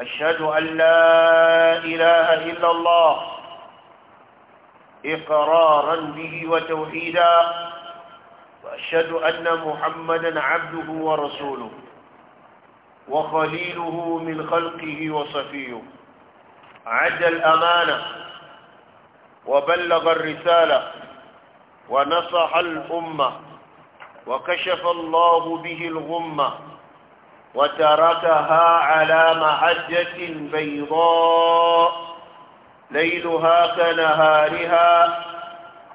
أشهد أن لا إله إلا الله إقرارا به وتوحيدا وأشهد أن محمدا عبده ورسوله وخليله من خلقه وصفيه عد الأمانة وبلغ الرسالة ونصح الأمة وكشف الله به الغمة وتركها على معجة بيضاء ليلها كنهارها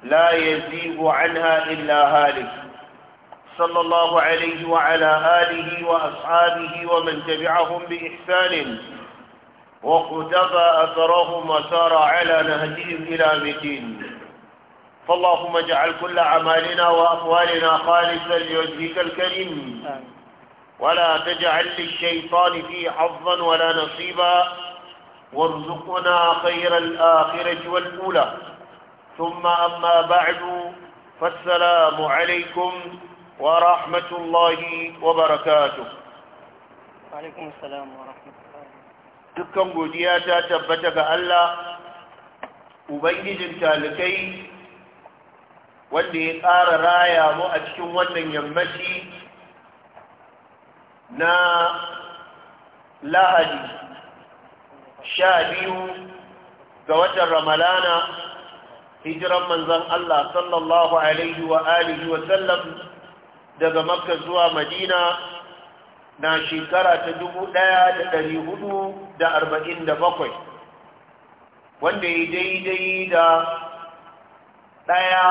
لا يزيغ عنها إلا هالك صلى الله عليه وعلى آله وأصحابه ومن تبعهم بإحسان وقتفى أثرهم وسار على نهجهم إلى مدين فاللهم اجعل كل أعمالنا وأقوالنا خالصا لوجهك الكريم ولا تجعل للشيطان فيه حظا ولا نصيبا وارزقنا خير الآخرة والأولى ثم أما بعد فالسلام عليكم ورحمة الله وبركاته وعليكم السلام ورحمة الله dukkan godiya ta tabbata ga Allah ubangijin talikai wanda ya ƙara raya mu a cikin wannan yammaci na lahadi sha biyu ga watan ramalana hijiran manzan Allah sallallahu alaihi wa alihi wa sallam daga makka zuwa madina na shekara ta dubu ɗaya da hudu da arba'in da bakwai wanda ya daidai da ɗaya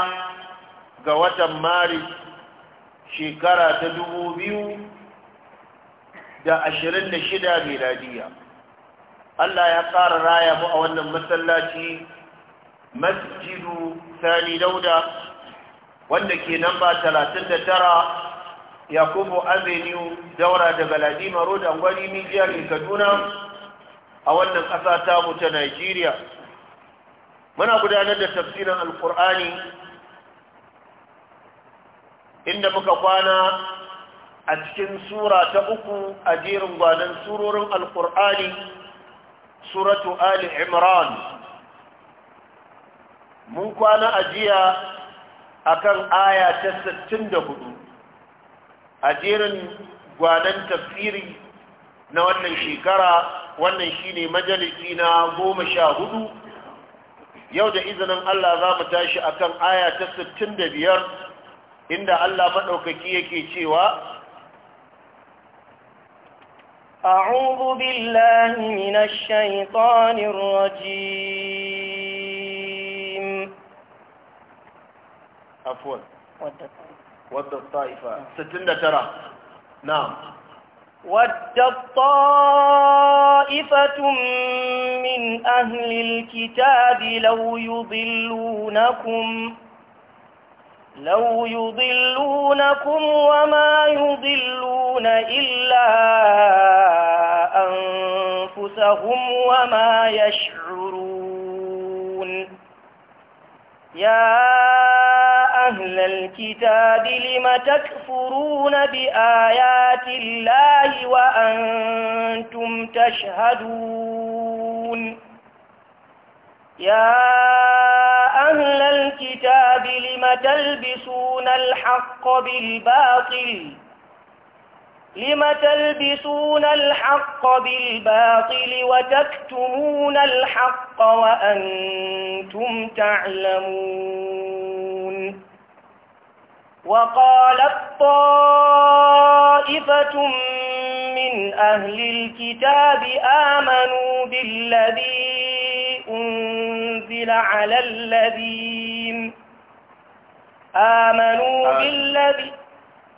ga watan maris shekara ta dubu biyu da ashirin da shida miladiya Allah ya ƙara raya mu a wannan masallaci masjidu sani dauda wanda ke namba talatin da tara yakubu avenue daura da galadima road angwani kaduna a wannan ƙasa tamu ta nigeria muna gudanar da tafsirin alkur'ani inda muka kwana a cikin sura ta uku a jerin gwanon surorin alkur'ani suratu ali imran mun kwana ajiya a kan aya ta 64 a jerin gwanon tafsiri na wannan shekara wannan shine majalisi na goma sha hudu yau da izinin Allah za mu tashi akan aya ta 65 inda Allah maɗaukaki yake cewa أعوذ بالله من الشيطان الرجيم عفوا ود الطائفة ستين ترى نعم ود الطائفة من أهل الكتاب لو يضلونكم لو يضلونكم وما يضلون إلا أنفسهم وما يشعرون يا أهل الكتاب لم تكفرون بآيات الله وأنتم تشهدون يا أهل الكتاب لم تلبسون الحق بالباطل لم تلبسون الحق بالباطل وتكتمون الحق وأنتم تعلمون وقال الطائفة من أهل الكتاب آمنوا بالذي أنزل على الذين آمنوا بالذي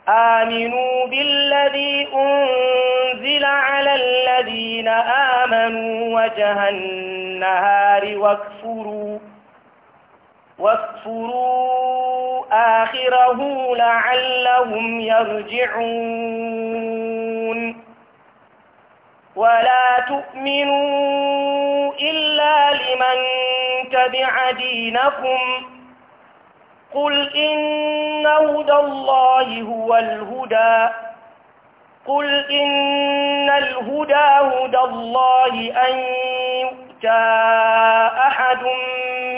آمنوا بالذي أنزل على الذين آمنوا وجه النهار واكفروا واكفروا آخره لعلهم يرجعون ولا تؤمنوا إلا لمن تبع دينكم قل إن هدى الله هو الهدى قل إن الهدى هدى الله أن يؤتى أحد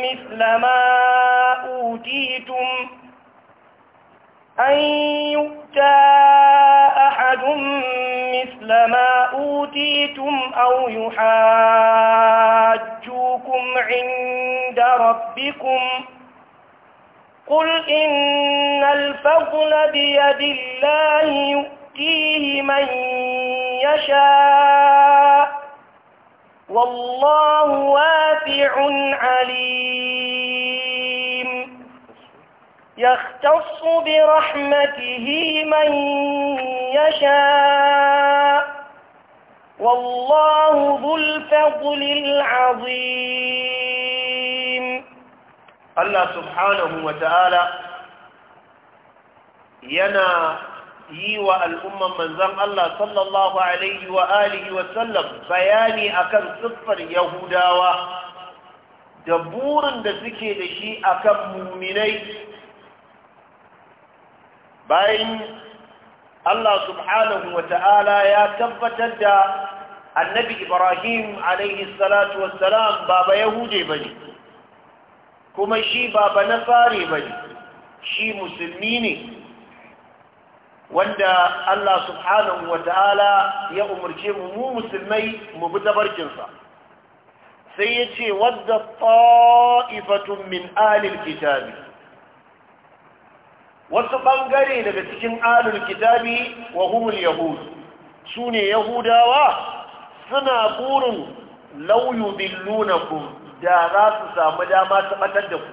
مثل ما أوتيتم أن يؤتى أحد مثل ما أوتيتم أو يحاجوكم عند ربكم ۖ قل إن الفضل بيد الله يؤتيه من يشاء والله واسع عليم يختص برحمته من يشاء والله ذو الفضل العظيم Allah subhanahu wa ta'ala yana yi wa al'umman manzan Allah sallallahu Alaihi wa alihi wa sallam bayani akan siffar Yahudawa da burin da suke da shi akan muminai bayan Allah subhanahu wa ta'ala ya tabbatar da annabi Ibrahim alaihi salatu wassalam baba Yahude ba ne. kuma shi ba na fare ba ne shi musulmi ne wanda Allah subhanahu wa ta'ala ya umarce mu mu musulmai mu bi tabarkinsa sai ya ce wadda ta'ifatun min alil kitabi wasu ɓangare daga cikin alil kitabi wa humul yahud su ne yahudawa suna burin lauyu billunakum da za su samu dama ta batar da ku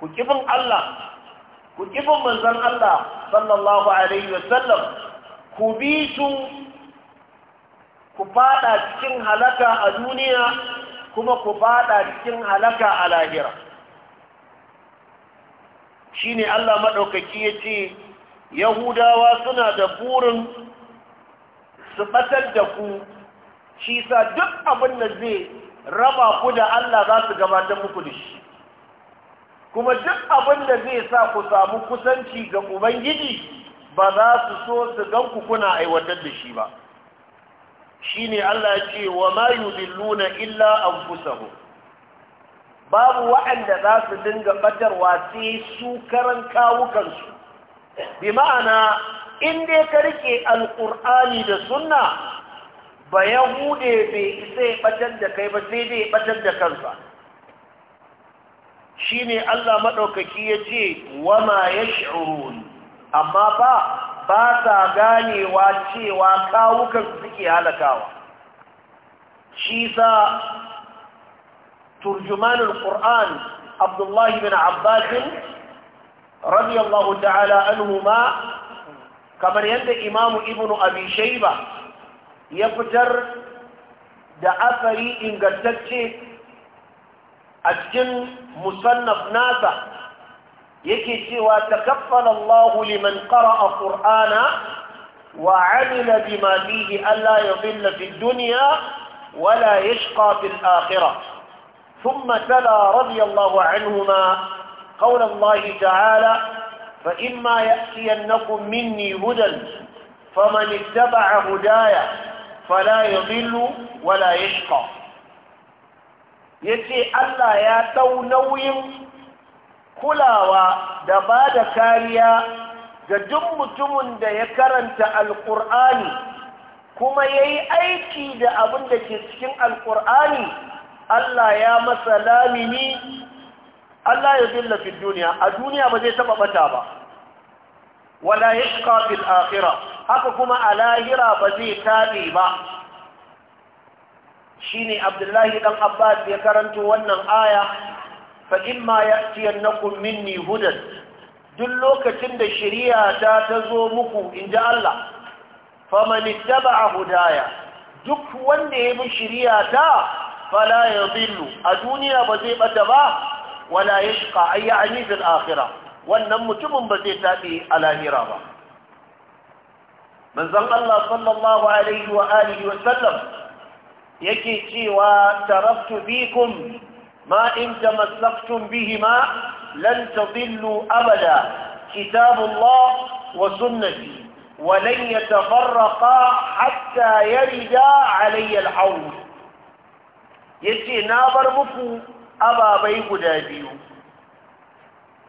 ku kifin Allah ku kifin manzon Allah sallallahu alaihi wasallam ku bi su ku fada cikin halaka a duniya kuma ku fada cikin halaka a lahira shine Allah madaukaki yace Yahudawa suna da burin su batar da ku shi sa duk abin da zai raba ku da Allah za su gabatar muku da shi kuma duk abin da zai sa ku samu kusanci ga ubangiji ba za su so su gan ku kuna aiwatar da shi ba shine Allah ya ce wa ma yudilluna illa anfusahum babu waɗanda za su dinga batarwa sai su karan kawukansu bi ma'ana in dai ka rike alƙur'ani da sunna ba yahude bai isa ya batar da kai ba sai dai batar da kansa shine Allah madaukaki ce wama yash'urun amma ba ba sa ganewa cewa kawukan suke halakawa shi sa turjumanul qur'an Abdullahi bin Abbasin radiyallahu ta'ala ma kamar yadda imamu ibnu abi ya fitar da asari ingantacce a cikin musannaf nasa yake cewa takaffala Allah liman qara'a qur'ana wa 'amila bima fihi alla yudilla fi dunya wa la yashqa fil akhirah thumma tala radiyallahu anhuma عنهما Allah ta'ala fa imma ya'tiyannakum minni hudan فمن اتبع هدايا fala yadhillu wala yashqa yace Allah ya dau nauyin kulawa da ba da kariya ga duk mutumin da ya karanta alƙur'ani kuma ya yi aiki da abin da ke cikin alƙur'ani Allah ya masa lamini Allah ya zilla fi duniya a duniya ba zai taɓa ɓata ba wala ya fil akhirah haka kuma a lahira ba zai tabe ba shine abdullahi ɗan abbas ya karanto wannan aya fa imma ya'tiyannakum minni duk lokacin da shari'a ta zo muku in ji Allah faman a hudaya duk wanda ya bi shari'a ta fala yadhillu a duniya ba zai bata ba wala yashqa ayya anizil akhirah wannan mutumin ba zai tabe a lahira ba من ذا الله صلى الله عليه وآله وسلم تي وترفت بيكم ما إن تمسقتم بهما لن تضلوا أبدا كتاب الله وسنتي ولن يتفرقا حتى يرجى علي الحول يتي نابر مفو أبا بيه داديو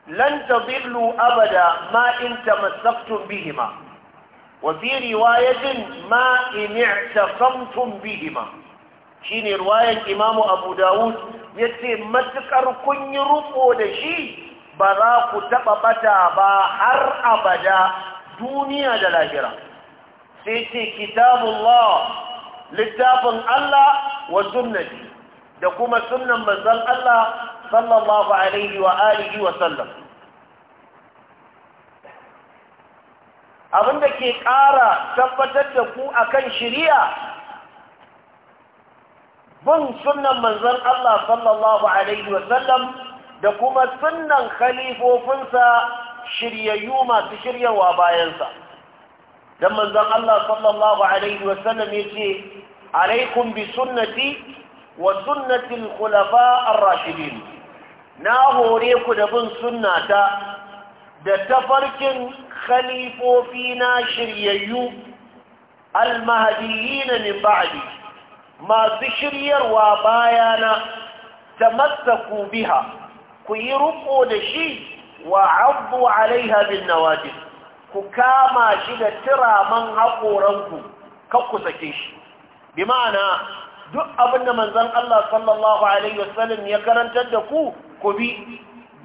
لن تضلوا أبدا ما إن تمسقتم بهما وفي رواية ما إن اعتصمتم بهما شين رواية إمام أبو داود يتي متكر كن يرفو دشي براك تبقتا باحر أبدا دنيا دلاجرة سيتي كتاب الله لتاب الله وسنتي دكما سنة مزال الله صلى الله عليه وآله وسلم abin da ke ƙara tabbatar da ku akan shiriya bin sunnan manzon Allah sallallahu alaihi Sallam da kuma sunnan khalifofinsa shiryayyu masu shiryawa bayansa dan manzon Allah sallallahu alaihi wasallam yace alaikum bi sunnati wa sunnati al-khulafa ar-rashidin na hore ku da bin sunnata da tafarkin khalifofi na shiryayyu almahadiyina min ba'di masu shiryarwa bayana ku biha ku yi ruko da shi wa abdu alaiha bin nawajib ku kama shi da tiraman haƙoranku kan ku sake shi bi ma'ana duk abinda manzon Allah sallallahu alaihi wasallam ya karantar da ku ku bi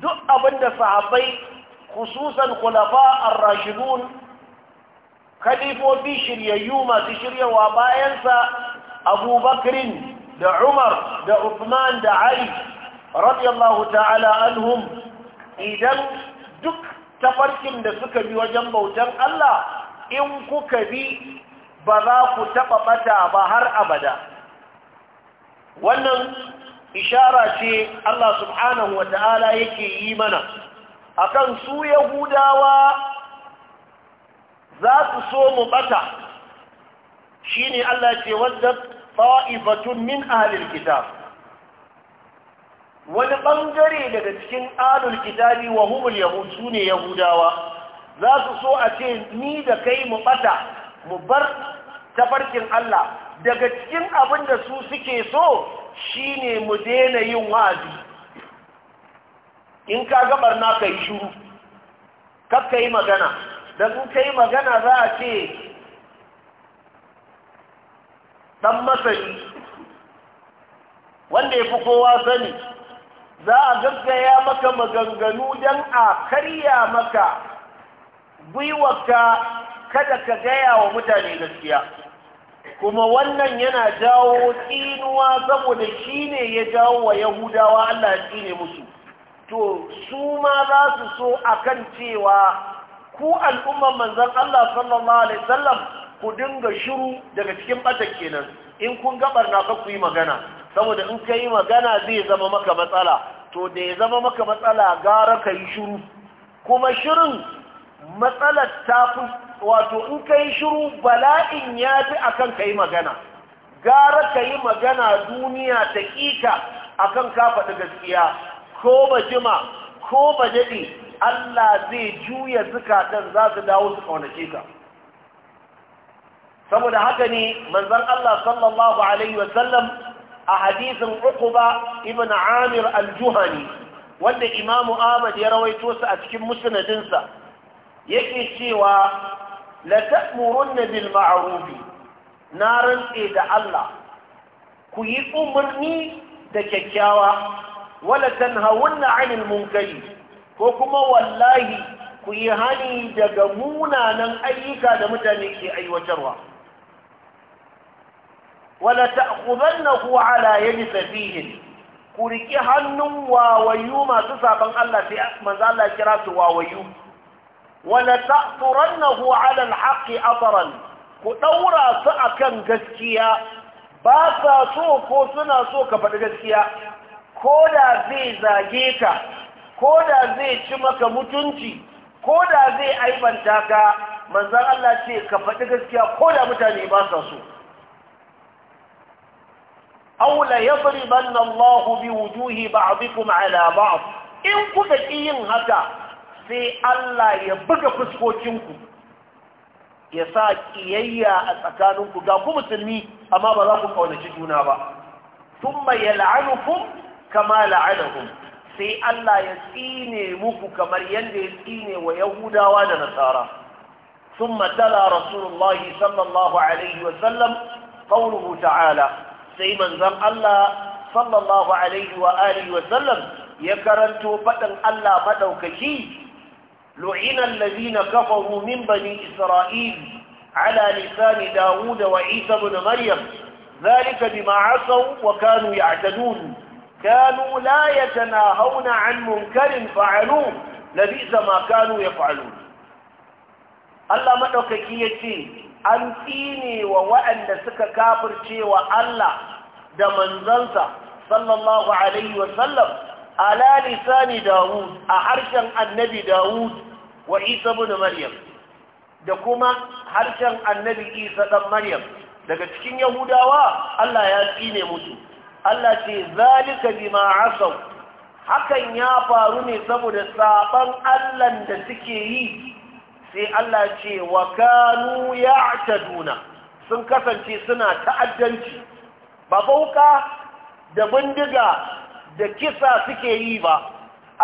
duk abinda sahabbai khususan kulafa ar-rashidun khalifofi shiryayyu masu shiryawa bayansa abubakrin da umar da uthman da ali radiyallahu ta'ala anhum idan duk tafarkin da suka bi wajen bautan Allah in kuka bi ba za ku taɓa ɓata ba har abada wannan ishara ce Allah subhanahu wa ta'ala yake yi mana akan su yahudawa za su so mu bata shine Allah ce wadda ta'ifatun min ahlil kitab wani ɓangare daga cikin ahlul kitabi wa humul yahud sune yahudawa za su so a ce ni da kai mu bata mu bar tafarkin Allah daga cikin abin da su suke so shine mu daina yin wa'azi in ka ga barna kai shiru, shuru kar ka yi magana Da in yi magana za a ce ɗan masani wanda ya fi kowa sani za a gaggaya maka maganganu don a karya maka ka kada ka gaya wa mutane gaskiya kuma wannan yana jawo tsinuwa saboda shi ne ya jawo wa yahudawa allah ya tsine musu to su ma za su so akan cewa ku al'umman manzan Allah sallallahu alaihi wasallam ku dinga shiru daga cikin bata kenan in kun gabar na ku yi magana saboda in ka yi magana zai zama maka matsala to da ya zama maka matsala gara ka yi shiru kuma shirin matsalar ta fi wato in ka yi shiru bala'in ya fi akan ka yi magana gara ka yi magana duniya ta ƙika akan ka faɗi gaskiya ko ba jima ko ba Allah zai juya zukatan za su dawo su kaunace ka saboda haka ne manzon Allah sallallahu alaihi wa sallam a hadisin ba ibn Amir al-Juhani wanda Imamu Ahmad ya rawaito su a cikin musnadinsa yake cewa la ta'murunna bil ma'ruf na rantse da Allah ku yi umarni da kyakkyawa wala tanhawunna 'anil munkari ko kuma wallahi ku yi hani daga munanan ayyuka da mutane ke aiwatarwa wala ta'khudannahu 'ala yadi safihin ku riki hannun wawayu masu saban Allah sai manzo Allah kira su wawayu wala ta'turannahu 'ala al-haqqi atran ku daura su akan gaskiya ba sa so ko suna so ka faɗi gaskiya ko da zai zage ka ko da zai ci maka mutunci ko da zai aibanta ka manzan Allah ce ka faɗi gaskiya ko da mutane ba sa so aula yadribanna Allahu bi ba'dikum ala ba'd in kuka ƙiyin yin haka sai Allah ya buga fuskokinku ya sa kiyayya a tsakaninku ga ku musulmi amma ba za ku ƙaunaci juna ba Tun thumma yal'anukum kama la'anahum sai Allah ya tsine muku kamar yadda ya tsine wa Yahudawa da Nasara thumma tala Rasulullah sallallahu alaihi wa sallam qawluhu ta'ala sai manzon Allah sallallahu alaihi wa alihi wa sallam ya karanto faɗin Allah madaukaki لعن الذين كفروا من بني إسرائيل على لسان داود وعيسى بن مريم ذلك بما عصوا وكانوا يعتدون كانوا لا يتناهون عن منكر فعلوه لبئس ما كانوا يفعلون الله مدوكي يتي an tsine wa waɗanda suka kafirce wa Allah da manzansa sallallahu alaihi wasallam ala lisani Dawud a harshen annabi Dawud wa Isa ibn Maryam da kuma harshen annabi Isa dan Maryam daga cikin Yahudawa Allah ya tsine mutu. Allah ce zalika bima asaw hakan ya faru ne saboda saban Allah da suke yi sai Allah ce wa kanu ya'taduna sun kasance suna ta'addanci ba bauka da bindiga da kisa suke yi ba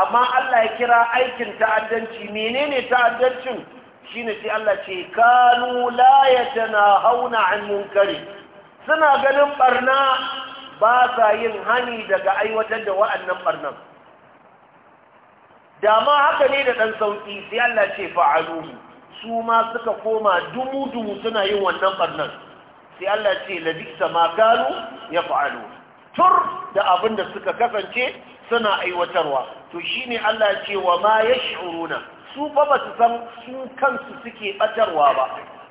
amma Allah ya kira aikin ta'addanci menene ta'addancin shine sai Allah ce kanu la yatanahawna 'an munkari suna ganin barna ba sa yin hani daga aiwatar da wa'annan barnan dama haka ne da ɗan sauƙi sai Allah ce fa'alu su ma suka koma dumu-dumu suna yin wannan barnan sai Allah ce labisa ma gano ya fa'alu tur da abin da suka kasance suna aiwatarwa to shi ne Allah ce wa ma ya shi'uruna su ba ba su san su kansu suke ɓatarwa ba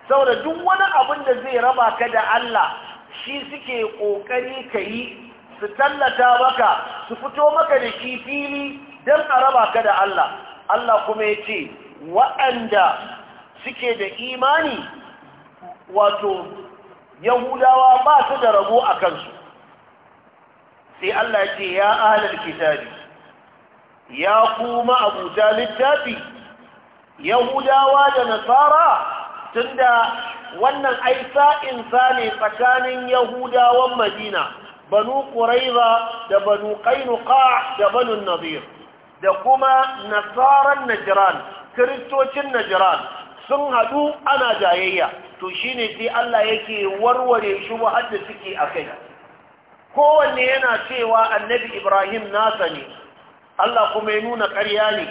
saboda duk wani abin da zai raba ka da Allah shi suke ƙoƙari ka yi su tallata maka su fito maka da shi fili don a raba ka da Allah Allah kuma ya ce waɗanda suke da imani wato yahudawa ba su da rabo a kansu sai Allah ya ce ya ahalar kitabi ya kuma abuta littafi yahudawa da nasara tunda wannan ai sa'insa ne tsakanin yahudawan madina banu ƙuraiza da banu ƙainuka da banu nazir da kuma nasarar najiran kiristocin najiran sun haɗu ana jayayya to shine sai Allah yake warware shi wa'adda suke a kai kowanne yana cewa annabi ibrahim nasa ne Allah kuma ya nuna ƙarya ne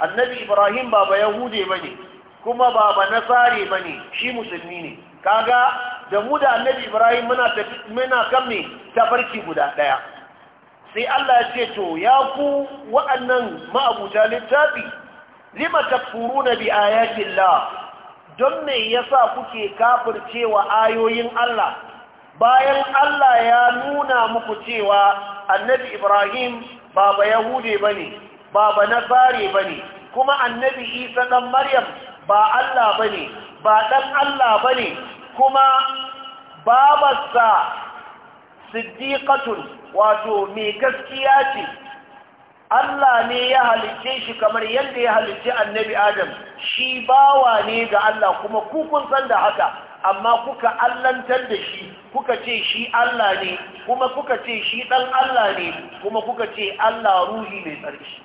annabi ibrahim ba ba yahude ba ne kuma ba ba nasari ba ne shi musulmi ne kaga da mu da annabi ibrahim muna kan me tafarki guda ɗaya sai allah ya ce to ya ku waɗannan ma'abuta littafi lima takfuru na bi ayatin la don me yasa kuke kafircewa ayoyin allah bayan allah ya nuna muku cewa annabi ibrahim ba ba yahude ba ne ba ba nasari ba ne kuma annabi isa ɗan maryam ba Allah ba ne ba ɗan Allah ba ne kuma babarsa siddiƙatun wato mai gaskiya ce Allah ne ya halicce shi kamar yadda ya halicce annabi Adam shi bawa ne ga Allah kuma kukun san da haka amma kuka allantar da shi kuka ce shi Allah ne kuma kuka ce shi ɗan Allah ne kuma kuka ce Allah ruhi mai tsarki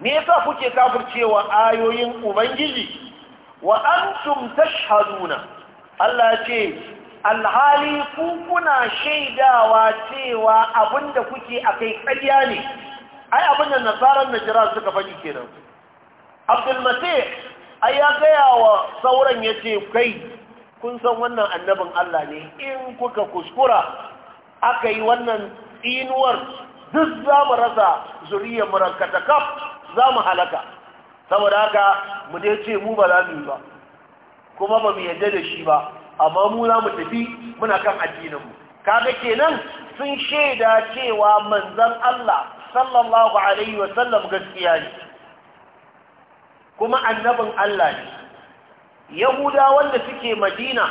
me sa kuke kafircewa ayoyin ubangiji wa antum tashhaduna Allah ce alhali ku kuna shaidawa cewa abinda kuke akai ƙarya ne ai abinda nasaran najira suka faɗi kenan Abdul Masih ai ya gaya wa sauran yace kai kun san wannan annabin Allah ne in kuka kuskura aka yi wannan inuwar duk za mu rasa zuriyar mu rankata kaf za mu halaka saboda haka mu dai ce mu ba za mu yi ba kuma ba mu yadda da shi ba amma mu za mu tafi muna kan mu kaga kenan sun shaida cewa manzan Allah sallallahu alaihi wa sallam gaskiya ne kuma annabin Allah ne yahuda wanda suke madina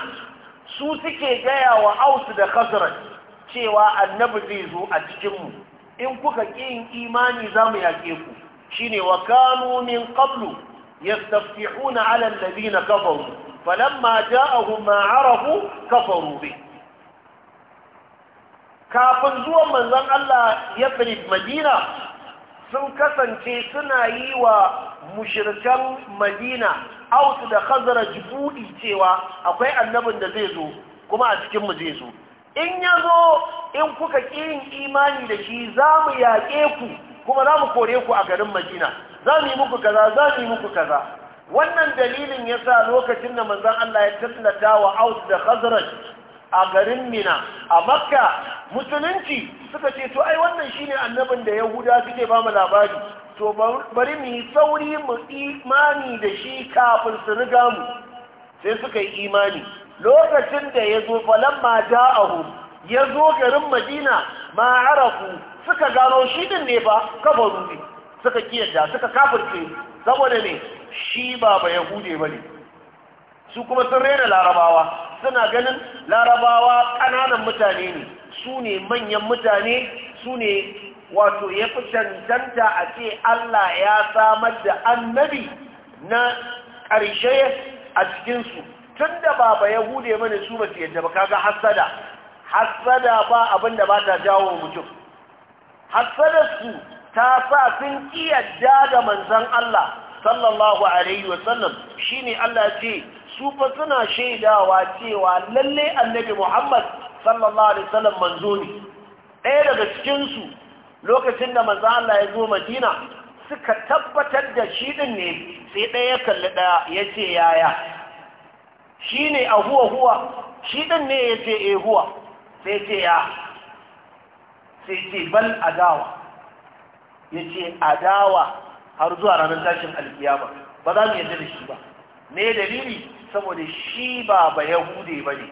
su suke gaya wa aus da khazraj cewa annabi zai zo a cikinmu in kuka ƙin imani za mu yaƙe ku shine wa kanu min qablu yastaftihuna ala alladhina kafaru falamma ja'ahum ma arafu kafaru bi kafin zuwan manzon Allah ya Madina sun kasance suna yi wa mushirkan Madina Aus da Khazraj buɗi cewa akwai annabin da zai zo kuma a cikin mu zai zo in ya zo in kuka ƙi yin imani da shi za mu yaƙe ku kuma za mu kore ku a garin madina za mu yi muku kaza za mu yi muku kaza wannan dalilin ya sa lokacin da manzan Allah ya tallata wa aus da khazraj a garin mina a makka musulunci suka ce to ai wannan shine annabin da yahuda suke ba mu labari to bari mu yi sauri mu imani da shi kafin su riga mu sai suka yi imani lokacin da ya zo falamma ja'ahu ya zo garin madina ma arafu suka gano shi din ne ba, kafaru ne suka kiyarda suka kafirce saboda ne shi ba ba yahude ba ne su kuma sun rena larabawa suna ganin larabawa ƙananan mutane ne su ne manyan mutane su ne wato ya fi cancanta a ce Allah ya samar da annabi na ƙarshe a cikinsu tun da ba ba yahude ba ne su ba su yadda ba kaga hassada hassada ba abinda da ba ta jawo mutum hassadarsu ta sa sun kiyarda da manzan Allah sallallahu alaihi wasallam shi ne Allah ce su fa suna shaidawa cewa lalle annabi Muhammad sallallahu alaihi wasallam manzo ne ɗaya daga cikinsu lokacin da manzan Allah ya zo Madina suka tabbatar da shi ɗin ne sai ɗaya kalli ɗaya ya ce yaya shi ne a huwa huwa shi ɗin ne ya ce eh huwa sai ce ya sai ce bal adawa ya ce adawa har zuwa ranar tashin alkiyama ba za mu yadda da shi ba ne dalili saboda shi ba ba yahude ba ne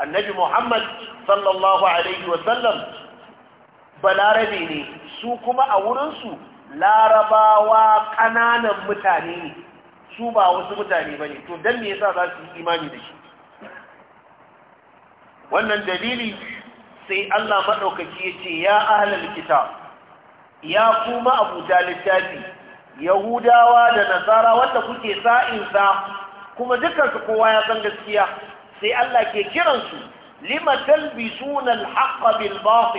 annabi muhammad sallallahu alaihi wasallam balarabe ne su kuma a wurinsu larabawa ƙananan mutane ne su ba wasu mutane ba ne to don me yasa za su yi imani da shi wannan dalili sai Allah maɗaukaki ya ce ya ahalar kitab ya kuma abuta littafi yahudawa da nasara wanda kuke sa'insa kuma dukansu kowa ya san gaskiya sai Allah ke kiransu lima bisunan al-haqqa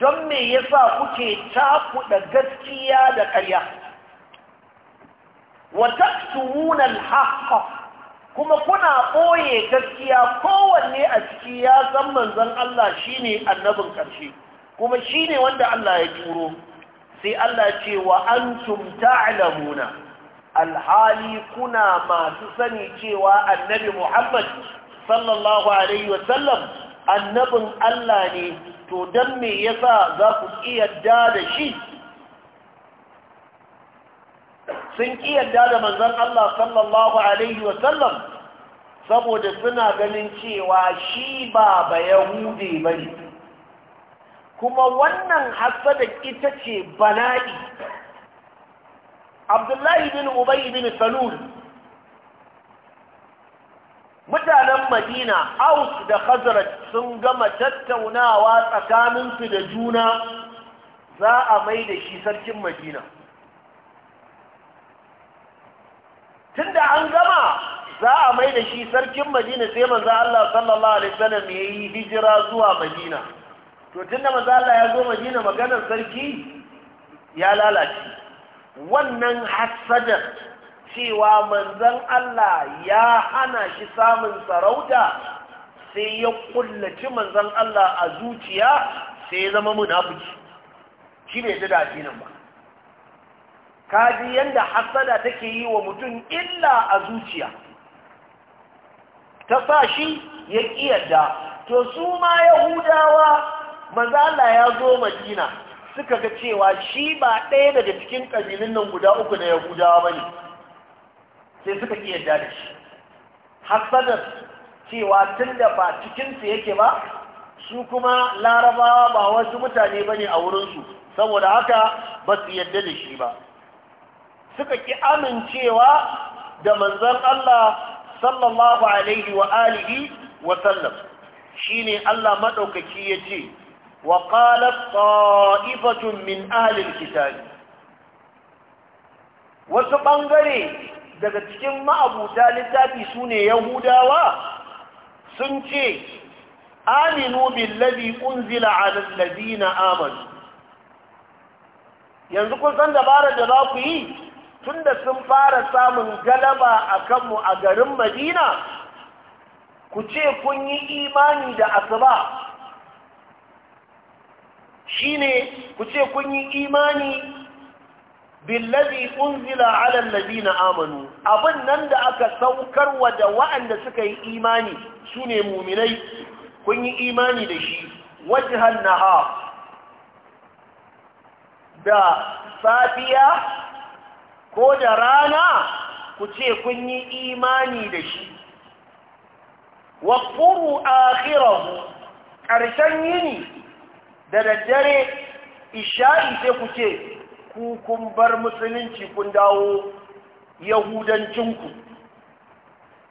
don me yasa kuke da gaskiya da ƙarya Wata taktumuna al kuma kuna ɓoye gaskiya kowanne a ciki ya san manzon Allah shine annabin ƙarshe kuma shine wanda Allah ya turo sai Allah ce wa antum ta'lamuna alhali kuna masu sani cewa annabi Muhammad sallallahu alaihi wa sallam annabin Allah ne to dan me yasa za ku iya da shi sun ƙi yadda da manzon Allah sallallahu alaihi wa sallam saboda suna ganin cewa shi ba ba Yahudi bane kuma wannan hasada ita ce bala'i Abdullahi bin Ubay bin Salul mutanen Madina Aus da Khazraj sun gama tattaunawa tsakaninsu da juna za a mai da shi sarkin Madina tunda an gama za a mai da shi sarkin madina sai manzo Allah sallallahu alaihi wasallam ya yi hijira zuwa madina to tunda manzo Allah ya zo madina maganar sarki ya lalace wannan hasadar cewa manzan Allah ya hana shi samun sarauta sai ya kullaci manzon Allah a zuciya sai ya zama munafiki shi bai da addinin ba kaji yadda hasada take yi wa mutum illa a zuciya ta sa shi ya ƙiyarda to su ma yahudawa mazala ya zo madina suka ga cewa shi ba ɗaya daga cikin ƙabilun nan guda uku na yahudawa ba ne sai suka ƙiyarda da shi hasadar cewa tun da ba cikinsu yake ba su kuma larabawa ba wasu mutane ba ne a wurinsu saboda haka ba su yadda da shi ba suka ƙi amincewa da manzon Allah sallallahu alaihi wa alihi wa sallam shine Allah madaukaki yace wa qalat ta'ifatun min ahli kitabi wasu ɓangare daga cikin ma'abuta littafi sune yahudawa sun ce aminu billazi unzila ala alladhina amanu yanzu kun san dabarar da za ku yi tunda sun fara samun galaba a kanmu a garin madina ku ce kun yi imani da asuba ne ku ce kun yi imani billazi unzila ala alladhina amanu abin nan da aka saukar wa da wa'anda suka yi imani ne mu'minai kun yi imani da shi wajhan nahar da safiya ko da rana ku ce kun yi imani da shi wa furu akhirahu ƙarshen yini da daddare isha'i sai ku ce ku kun bar musulunci kun dawo yahudancinku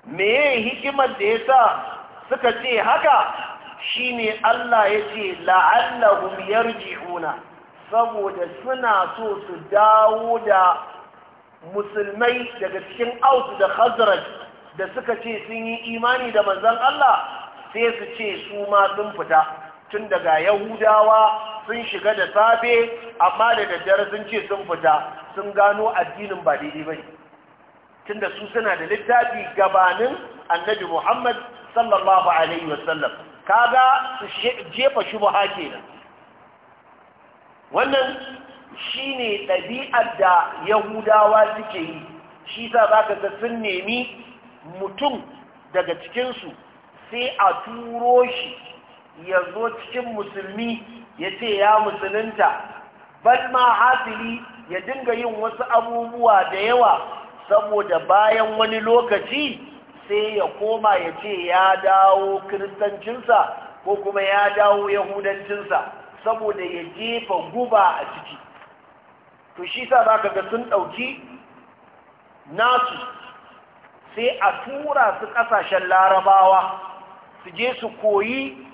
meye hikimar da ya sa suka ce haka shine Allah ya ce la'allahum yarji'una saboda suna so su dawo da musulmai daga cikin aus da khazraj da suka ce sun yi imani da manzon Allah sai su ce su ma sun fita tun daga yahudawa sun shiga da safe amma da daddare sun ce sun fita sun gano addinin ba daidai bane tun da su suna da littafi gabanin annabi Muhammad sallallahu alaihi wasallam kaga su jefa shubha kenan wannan Shi ne ɗabi'ar da yahudawa suke yi shi sa za ka ga sun nemi mutum daga cikinsu sai a turo shi ya zo cikin musulmi ya ce ya musulunta Ban ma hasili ya dinga yin wasu abubuwa da yawa saboda bayan wani lokaci sai ya koma ya ce ya dawo kiristancinsa ko kuma ya dawo yahudancinsa saboda ya jefa guba a ciki to shi sa za ka ga sun ɗauki nasu sai a tura su ƙasashen larabawa su je su koyi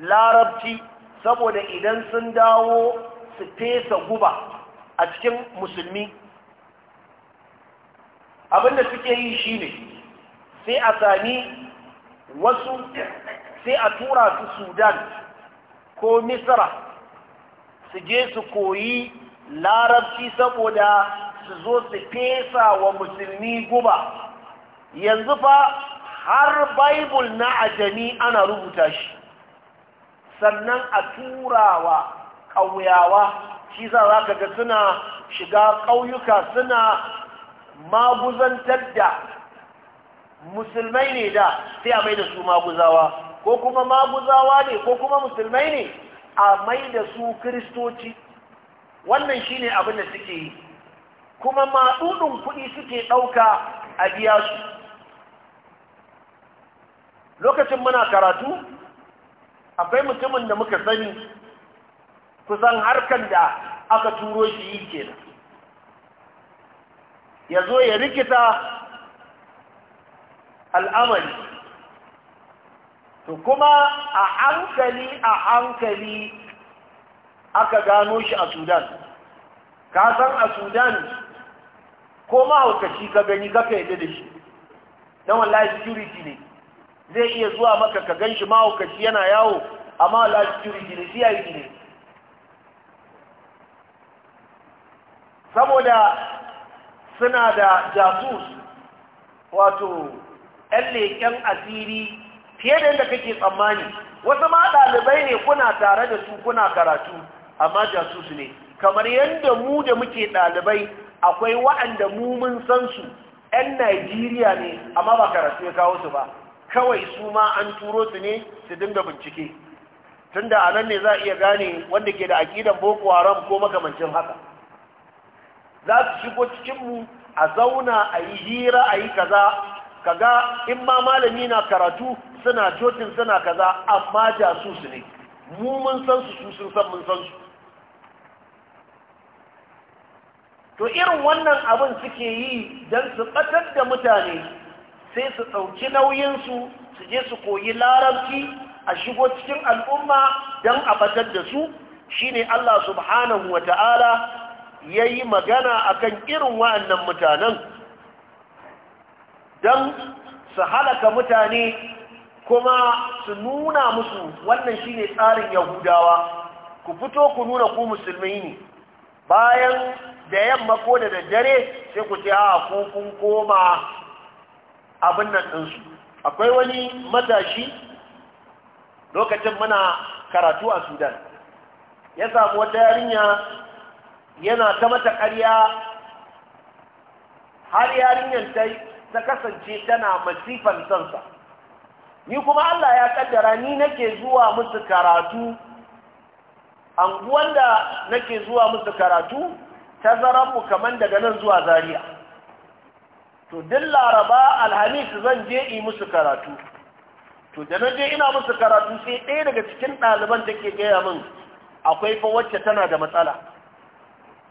larabci saboda idan sun dawo su fesa guba a cikin musulmi abinda suke yi shi ne sai a sami wasu sai a tura su sudan ko misra su je su koyi larabci saboda su zo su fesa wa musulmi guba yanzu fa har baibul na ajami ana rubuta shi sannan a turawa ƙauyawa shi za za ka ga suna shiga ƙauyuka suna maguzantar da musulmai ne da sai a mai da su maguzawa ko kuma maguzawa ne ko kuma musulmai ne a mai da su kiristoci wannan shi ne abin da suke yi kuma maɗuɗin kuɗi suke ɗauka a biya su lokacin muna karatu akwai mutumin da muka sani kusan harkar da aka turo shi yi da. ya zo ya rikita al'amari to kuma a hankali a hankali aka gano shi a sudan ka san a sudan ko mahaukaci ka gani kaka yadda da shi don wallahi security ne zai iya zuwa maka ka gan shi mahaukaci yana yawo amma wallahi security ne yi ne saboda suna da jasus wato 'yan leƙen asiri fiye da yadda kake tsammani wasu ma ɗalibai ne kuna tare da su kuna karatu amma jasusu ne kamar yadda mu da muke ɗalibai akwai waɗanda mu mun san su 'yan Najeriya ne amma ba karatu ya kawo su ba kawai su ma an turo su ne su dinga bincike tunda a nan ne za a iya gane wanda ke da aƙidan boko haram ko makamancin haka za su shigo cikinmu a zauna a yi hira a yi kaza kaga in ma malami na karatu suna cocin suna kaza amma jasus ne mu mun san su su sun san mun san su to irin wannan abin suke yi don su ɓatar da mutane sai su ɗauki nauyinsu su je su koyi larabci a shigo cikin al'umma don a ɓatar da su shi ne Allah subhanahu wa ta'ala ya yi magana a kan irin wa'annan mutanen don su halaka mutane kuma su nuna musu wannan shi ne tsarin yahudawa ku fito ku nuna ku musulmi ne bayan da yamma ko da daddare sai ku ce a ko kun koma abin nan ɗinsu akwai wani matashi lokacin muna karatu a sudan ya samu wata yarinya yana ta mata ƙarya har yarinyar ta ta kasance tana masifan sansa ni kuma Allah ya kaddara ni nake zuwa musu karatu anguwan da nake zuwa musu karatu tazaran mu kaman daga nan zuwa Zaria to din Laraba Alhamis zan je yi musu karatu to da je ina musu karatu sai ɗaya daga cikin ɗaliban da ke gaya min akwai fa wacce tana da matsala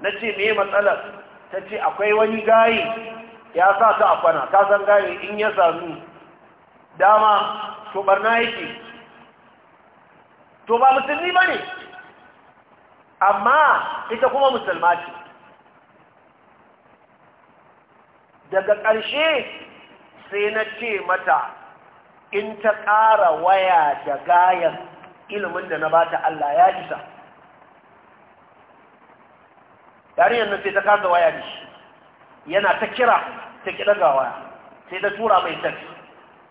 na ce me matsalar ta ce akwai wani gaye ya sa ta a kwana ta san gaye in ya sami dama to barna yake to ba musulmi ba ne amma ita kuma musulma ce daga ƙarshe sai na ce mata in ta ƙara waya da gayan ilimin da na bata Allah ya isa yarinyar nan sai ta kasa waya da shi yana ta kira ta ƙi daga waya sai ta tura mai tafi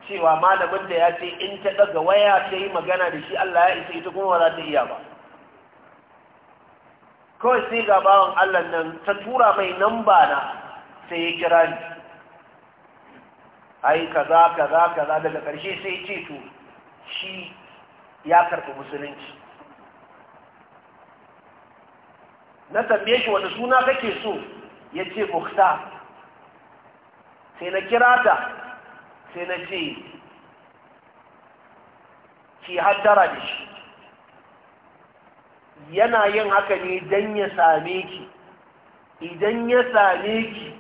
cewa malamin da ya ce in ta daga waya ta yi magana da shi Allah ya isa ita kuma ba za ta iya ba kawai sai ga bawan Allah nan ta tura mai namba na sai ya kira ni ai kaza kaza kaza daga karshe sai ce to shi ya karɓi musulunci na tambaye shi wani suna kake so ya ce bukta sai na kira ta sai na ce ki haddara da shi yana yin haka ne don ya same ki idan ya same ki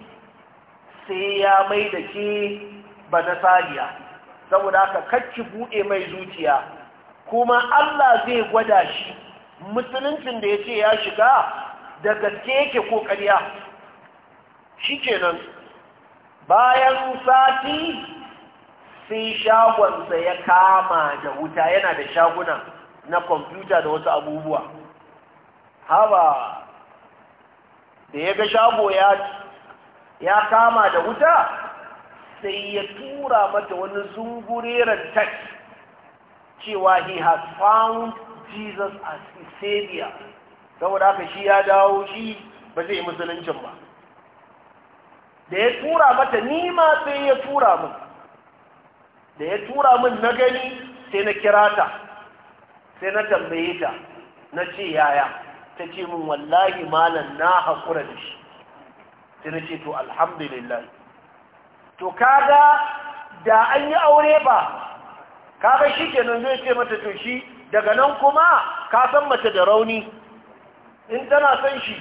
sai ya mai da ke ba na sariya saboda haka kacci buɗe mai zuciya kuma Allah zai gwada shi musuluncin da ya ce ya shiga daga gaske yake ko ƙarya shi kenan bayan sati sai shagonsa ya kama da wuta yana da shaguna na kwamfuta da wasu abubuwa haba da ya ga shago ya ya kama da wuta sai ya tura mata wani zungureren tax cewa he has found jesus as his savior saboda haka shi ya dawo shi ba zai musuluncin ba da ya tura mata nima sai ya tura min da ya tura min na gani sai na kira ta sai na tambaye ta na ce yaya ta ce min wallahi malam na haƙura da shi sai na ce to alhamdulillah to kaga da an yi aure ba kaga shi nan zai ce mata to shi daga nan kuma ka san mace da rauni in tana san shi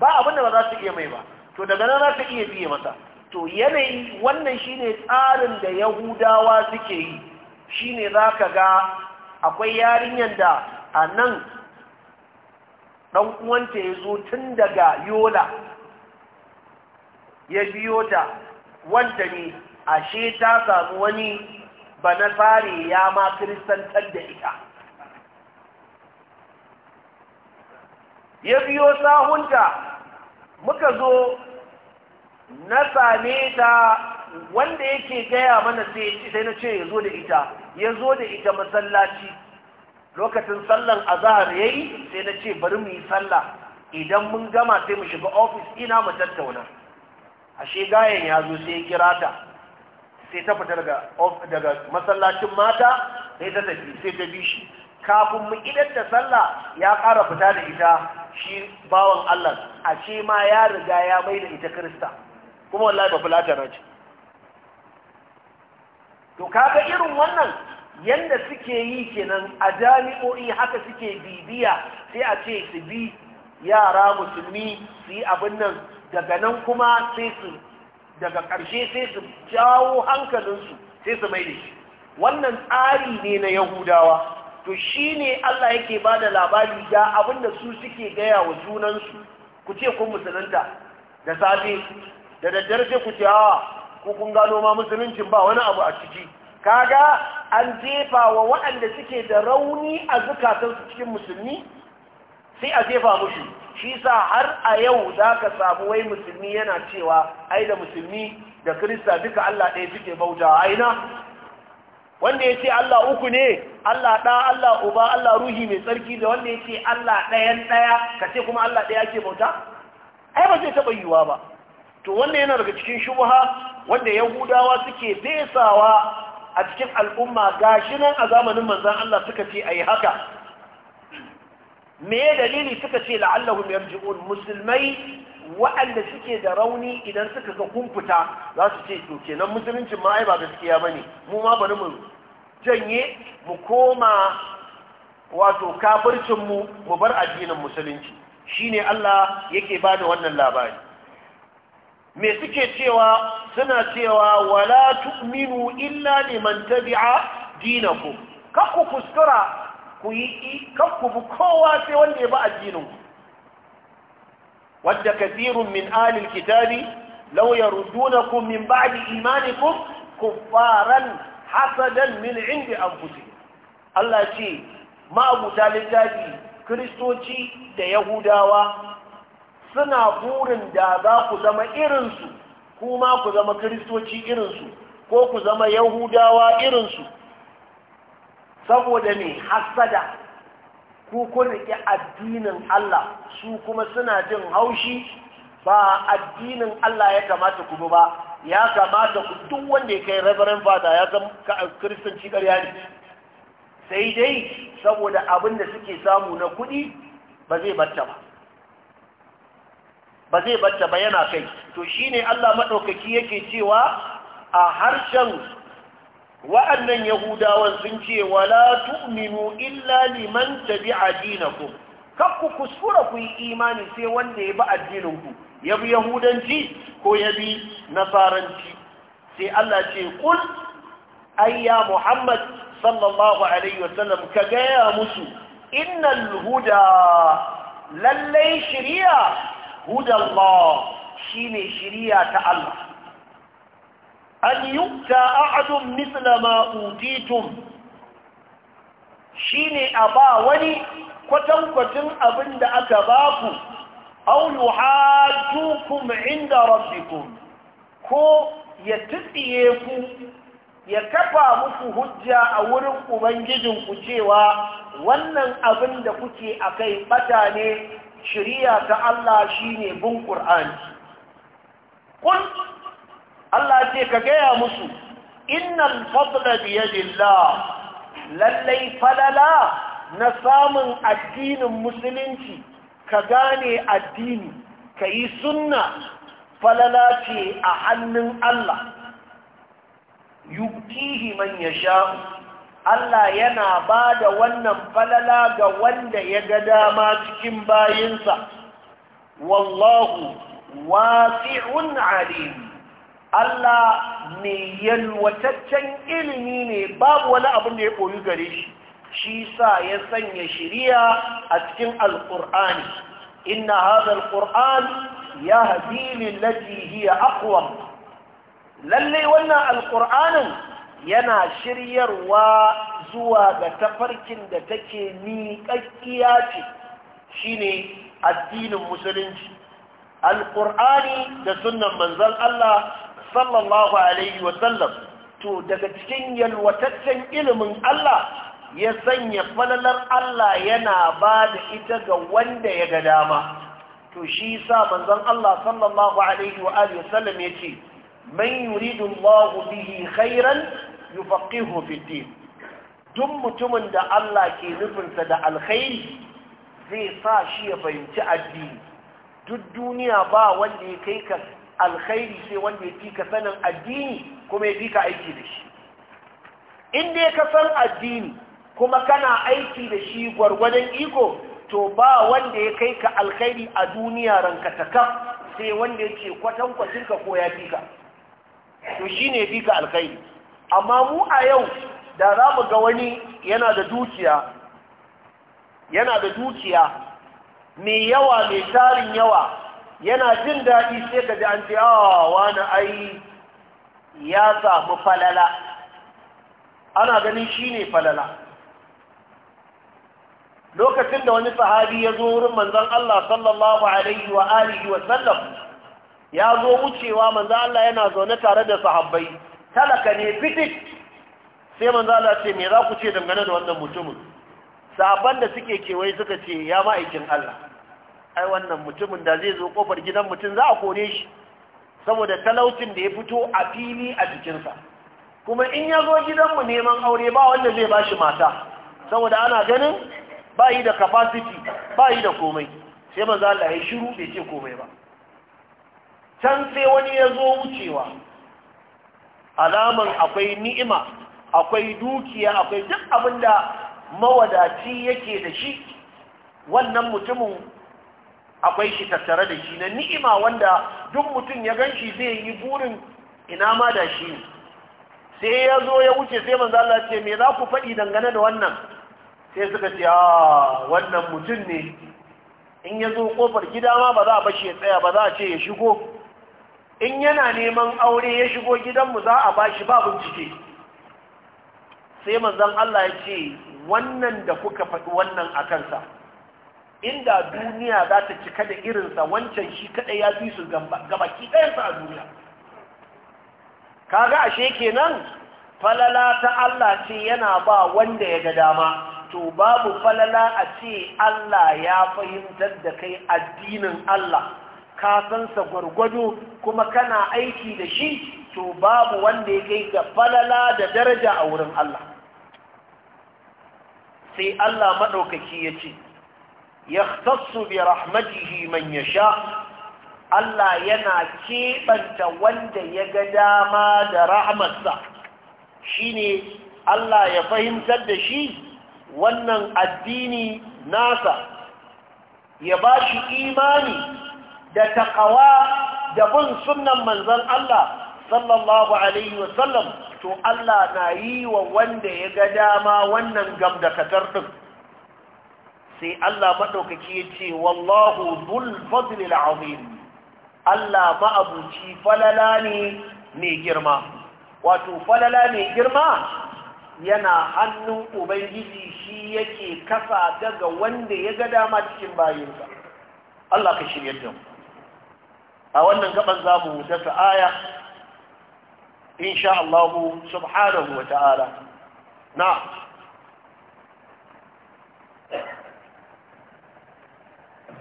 ba abin da ba za su iya mai ba to daga nan za ta iya biye masa to yanayi wannan shine tsarin da yahudawa suke yi shine za ka ga akwai yarinyar da a nan ɗan uwanta ya zo tun daga yola ya biyo ta wanda ne ashe ta samu wani ba na fare ya ma kiristantar da ita ya biyo sahunta muka zo na same ta wanda yake gaya mana sai na ce ya zo da ita ya zo da ita masallaci lokacin sallan azahar ya yi sai na ce bari mu yi sallah idan mun gama sai mu shiga ofis ina mu tattauna ashe gayan ya zo sai ya kira ta sai ta fita daga daga masallacin mata sai ta tafi sai ta bi shi kafin mu idan da sallah ya ƙara fita da ita shi bawan Allah a ce ma ya riga ya bai da ita Kirista kuma wallahi ba fulata na ce to kaga irin wannan yanda suke yi kenan a jami'o'i haka suke bibiya sai a ce su bi yara musulmi su yi abin nan daga nan kuma sai su daga ƙarshe sai su jawo hankalinsu sai su mai da shi wannan tsari ne na yahudawa to shi ne Allah yake ba da labari ga abinda su suke gaya wa junansu ku ce kun musulunta da safe da daddare sai ku ce a ah, ku kun gano ma musuluncin ba wani abu a ciki kaga an jefa wa waɗanda suke da rauni a zukatansu cikin musulmi sai a jefa musu. shi sa har a yau za ka samu wai musulmi yana cewa ai da musulmi da kirista duka Allah ɗaya suke bauta aina wanda ya ce Allah uku ne Allah ɗa Allah uba Allah ruhi mai tsarki da wanda ya ce Allah ɗayan ɗaya ka ce kuma Allah ɗaya ke bauta ai ba zai taɓa yiwuwa ba to wanda yana daga cikin shubuha wanda yahudawa suke fesawa a cikin al'umma gashi nan a zamanin manzan Allah suka ce a haka me dalili suka ce la'allahum yarji'un musulmai wa'anda suke da rauni idan suka ga kumfuta za su ce to kenan musuluncin ma ai ba gaskiya bane mu ma bari mu janye mu koma wato kafircin mu mu bar addinin musulunci shine Allah yake bada wannan labari me suke cewa suna cewa wala tu'minu illa liman tabi'a dinakum ku kuskura ku yi ki ku kowa sai wanda ya ba addinin ku wadda kathirun min alil kitabi law yarudunakum min ba'di imanikum kuffaran hasadan min indi anfusihim Allah ce ma'abuta littafi kristoci da yahudawa suna burin da za ku zama irinsu kuma ku zama kristoci irinsu ko ku zama yahudawa irinsu saboda mai hasada ku kun riƙe addinin Allah su kuma suna jin haushi ba addinin Allah ya kamata ku ba ya kamata ku duk wanda ya kai reverend father ya zama kiristanci cikar ne sai dai saboda abin da suke samu na kuɗi ba zai batta ba ba zai batta ba yana kai to shine Allah maɗaukaki yake cewa a harshen wa'annan yahudawan sun ce wala tu'minu illa liman tabi'a dinakum kar ku kuskura ku yi imani sai wanda ya bi addininku ya bi yahudanci ko ya bi nasaranci sai Allah ce kul ayya muhammad sallallahu alaihi wasallam ka gaya musu innal huda lallai shiriya hudallah shine shiriya ta Allah an yukta a'adun misla ma Shi ne a ba wani kwatankwacin abin da aka ba ku au yuhajjukum inda rabbikum ko ya tutsiye ku ya kafa muku hujja a wurin ku cewa wannan abin da kuke a kai bata ne shirya ta Allah shine bin ƙur'ani Allah ce ka gaya musu innal fadla biyadillah lallai falala na samun addinin musulunci ka gane addini ka yi sunna falala ce a hannun Allah yuktihi man sha. Allah yana ba da wannan falala ga wanda ya ga dama cikin bayinsa wallahu wasi'un alim Allah mai yalwataccen ilimi ne babu wani abin da ya koyi gare shi shi sa ya sanya shiriya a cikin alƙur'ani inna haɗa alƙur'an ya haɗi lillaji hiya akwam lallai wannan alkur'anin yana shiryarwa zuwa ga tafarkin da take miƙaƙƙiya ce shine addinin musulunci alƙur'ani da sunan manzon Allah sallallahu alaihi wasallam to daga cikin yalwataccen ilimin Allah ya sanya falalar Allah yana ba da ita ga wanda ya ga dama to shi sa manzon Allah sallallahu alaihi wa alihi wasallam yace man yuridu Allah bihi khairan yufaqihu fi din duk mutumin da Allah ke nufinsa da alkhairi zai sa shi ya fahimci addini duk duniya ba wanda ya kai ka alkhairi sai wanda ya fika sanin addini kuma ya fika aiki da shi in dai ka san addini kuma kana aiki da shi gwargwadon iko to ba wanda ya kai ka alkhairi a duniya ranka ta kaf sai wanda ya ce kwatankwacin ka ko ya fika to shi ne fika alkhairi amma mu a yau da za mu ga wani yana da dukiya yana da dukiya mai yawa mai tarin yawa yana jin daɗi sai ka ji an ce awa ah, wani ai ya samu falala ana ganin shi ne falala lokacin da wani sahabi ya zo wurin manzan Allah sallallahu alaihi wa alihi wa sallam ya zo wucewa manzan Allah yana zaune tare da sahabbai talaka ne fitik sai manzan Allah ce me za ku ce dangane da wannan mutumin sahabban da suke kewaye suka ce ya ma'aikin Allah ai wannan mutumin da zai zo kofar gidan mutum za a kore shi saboda talaucin da ya fito a fili a jikinsa kuma in ya zo gidanmu neman aure ba wanda zai ba shi mata saboda ana ganin ba yi da capacity ba yi da komai sai za Allah ya shiru bai ce komai ba can sai wani ya zo wucewa alaman akwai ni'ima akwai dukiya akwai duk abin da mawadaci yake da shi wannan mutumin akwai shi tattare da shi na ni'ima wanda duk mutum ya gan shi zai yi burin ina ma da shi sai ya zo ya wuce sai manzo Allah ce me za ku faɗi dangane da wannan sai suka ce ah wannan mutum ne in ya zo kofar gida ma ba za a bashi ya tsaya ba za a ce ya shigo in yana neman aure ya shigo gidanmu za a bashi ba bincike sai manzon Allah ya ce wannan da kuka faɗi wannan a kansa inda duniya za ta cika da irinsa wancan shi kaɗai ya fi su gabaki ɗayansa a duniya kaga ashe kenan falala ta Allah ce yana ba wanda ya ga dama to babu falala a ce Allah ya fahimtar da kai addinin Allah ka sansa gwargwado kuma kana aiki da shi to babu wanda ya kai ga falala da daraja a wurin Allah sai Allah maɗaukaki ya ce يختص برحمته ya sha Allah yana keɓanta wanda ya ga dama da rahmarsa shi ne Allah ya fahimtar da shi wannan addini nasa ya ba shi imani da taƙawa da bin sunan manzan Allah sallallahu Alaihi wasallam to Allah na yi wa wanda ya ga dama wannan gamdakatar ɗin. sai Allah maɗaukaki ya ce wallahu dhul fadli al'azim Allah ma'abuci falala ne mai girma wato falala mai girma yana hannun ubangiji shi yake kasa daga wanda ya ga dama cikin bayinsa Allah ka shirya da mu a wannan gaban za mu dasa aya insha Allah subhanahu wa ta'ala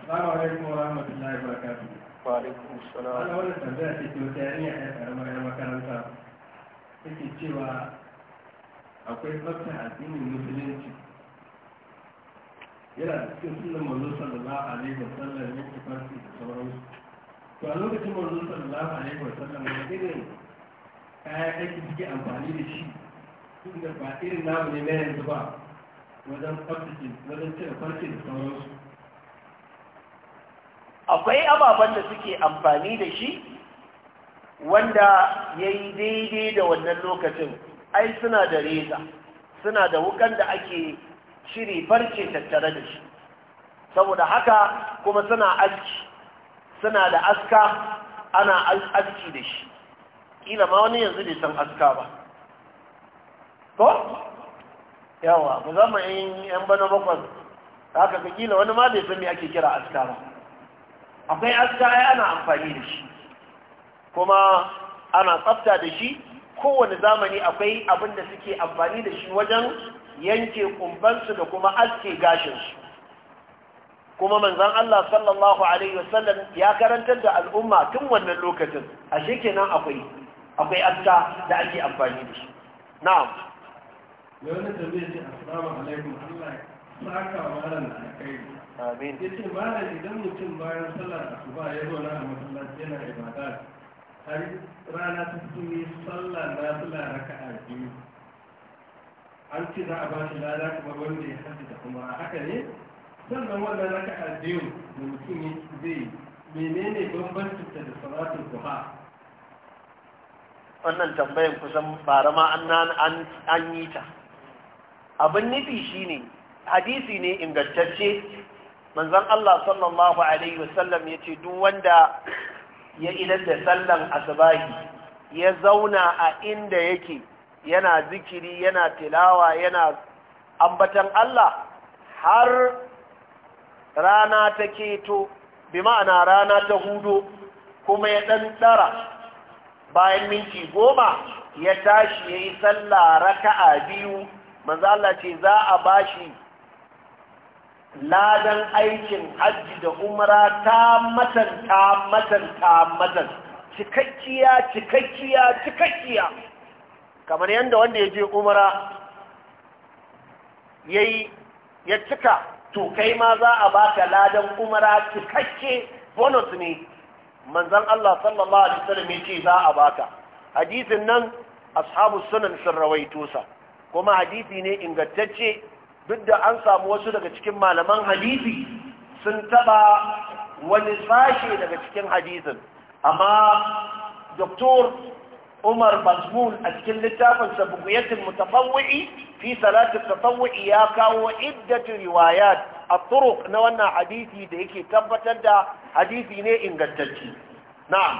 Assalamu alaikum wa rahmatullahi wa barakatuh. Wa alaikum assalam. Ana wannan tambaya ce ke wata yarinya makaranta. Take cewa akwai tsafta addinin musulunci. Yana cikin sunan manzo sallallahu alaihi wa sallam ya ke farki da sauransu. To a lokacin manzo sallallahu alaihi wa sallam wani irin kaya kake suke amfani da shi tun da ba irin namu ne na yanzu ba wajen tsaftace wajen cire farki da sauransu. akwai ababen da suke amfani da shi wanda ya yi daidai da wannan lokacin ai suna da reza suna da wukan da ake shiri farce tattare da shi saboda haka kuma suna aski suna da aska ana aski da shi kila ma wani yanzu bai san aska ba ko yawa mu zama yan bana bakwai haka ga kila wani ma bai san me ake kira aska ba akwai aska ana amfani da shi kuma ana tsafta da shi kowane zamani akwai abin da suke amfani da shi wajen yanke kumbansu da kuma aske gashinsu kuma manzan Allah sallallahu Alaihi wasallam ya karantar da al'umma tun wannan lokacin a shekenan akwai akwai aska da ake amfani da shi na'am da da zai ce alaikum Allah saka wa ran da kai amin yace malam idan mutum bayan sallar asuba ya zo na masallaci yana ibada har rana ta fito ne sallar nafila raka'a biyu an ce za a ba shi lada kamar wanda ya haɗu da kuma haka ne sannan wannan raka'a biyu da mutum ya zai menene bambancinta da salatul duha wannan tambayan kusan bara ma an yi ta abin nufi shine hadisi ne ingantacce manzon Allah sallallahu alaihi wasallam yace duk wanda ya idan da sallan asbahi ya zauna a inda yake yana zikiri yana tilawa yana ambatan Allah har rana ta keto bi ma'ana rana ta hudu, kuma ya ɗan tsara bayan minti goma ya tashi ya yi sallah raka'a biyu manzo Allah ce za a bashi ladan aikin hajji da umara ta matan ta matan ta matan cikakkiya cikakkiya cikakkiya kamar yadda wanda ya je umara yayi ya cika to kai ma za a baka ladan umara cikakke bonus ne manzon Allah sallallahu alaihi wasallam yace za a baka hadisin nan ashabu sunan sun rawaito sa kuma hadisi ne ingantacce duk da an samu wasu daga cikin malaman hadisi sun taba wani sashe daga cikin hadisin amma doktor umar basmul a cikin littafinsa buguyatin mutafawwi'i fi salatin tafawwi'i ya kawo iddatu riwayat a turuk na wannan hadisi da yake tabbatar da hadisi ne ingantacci na'am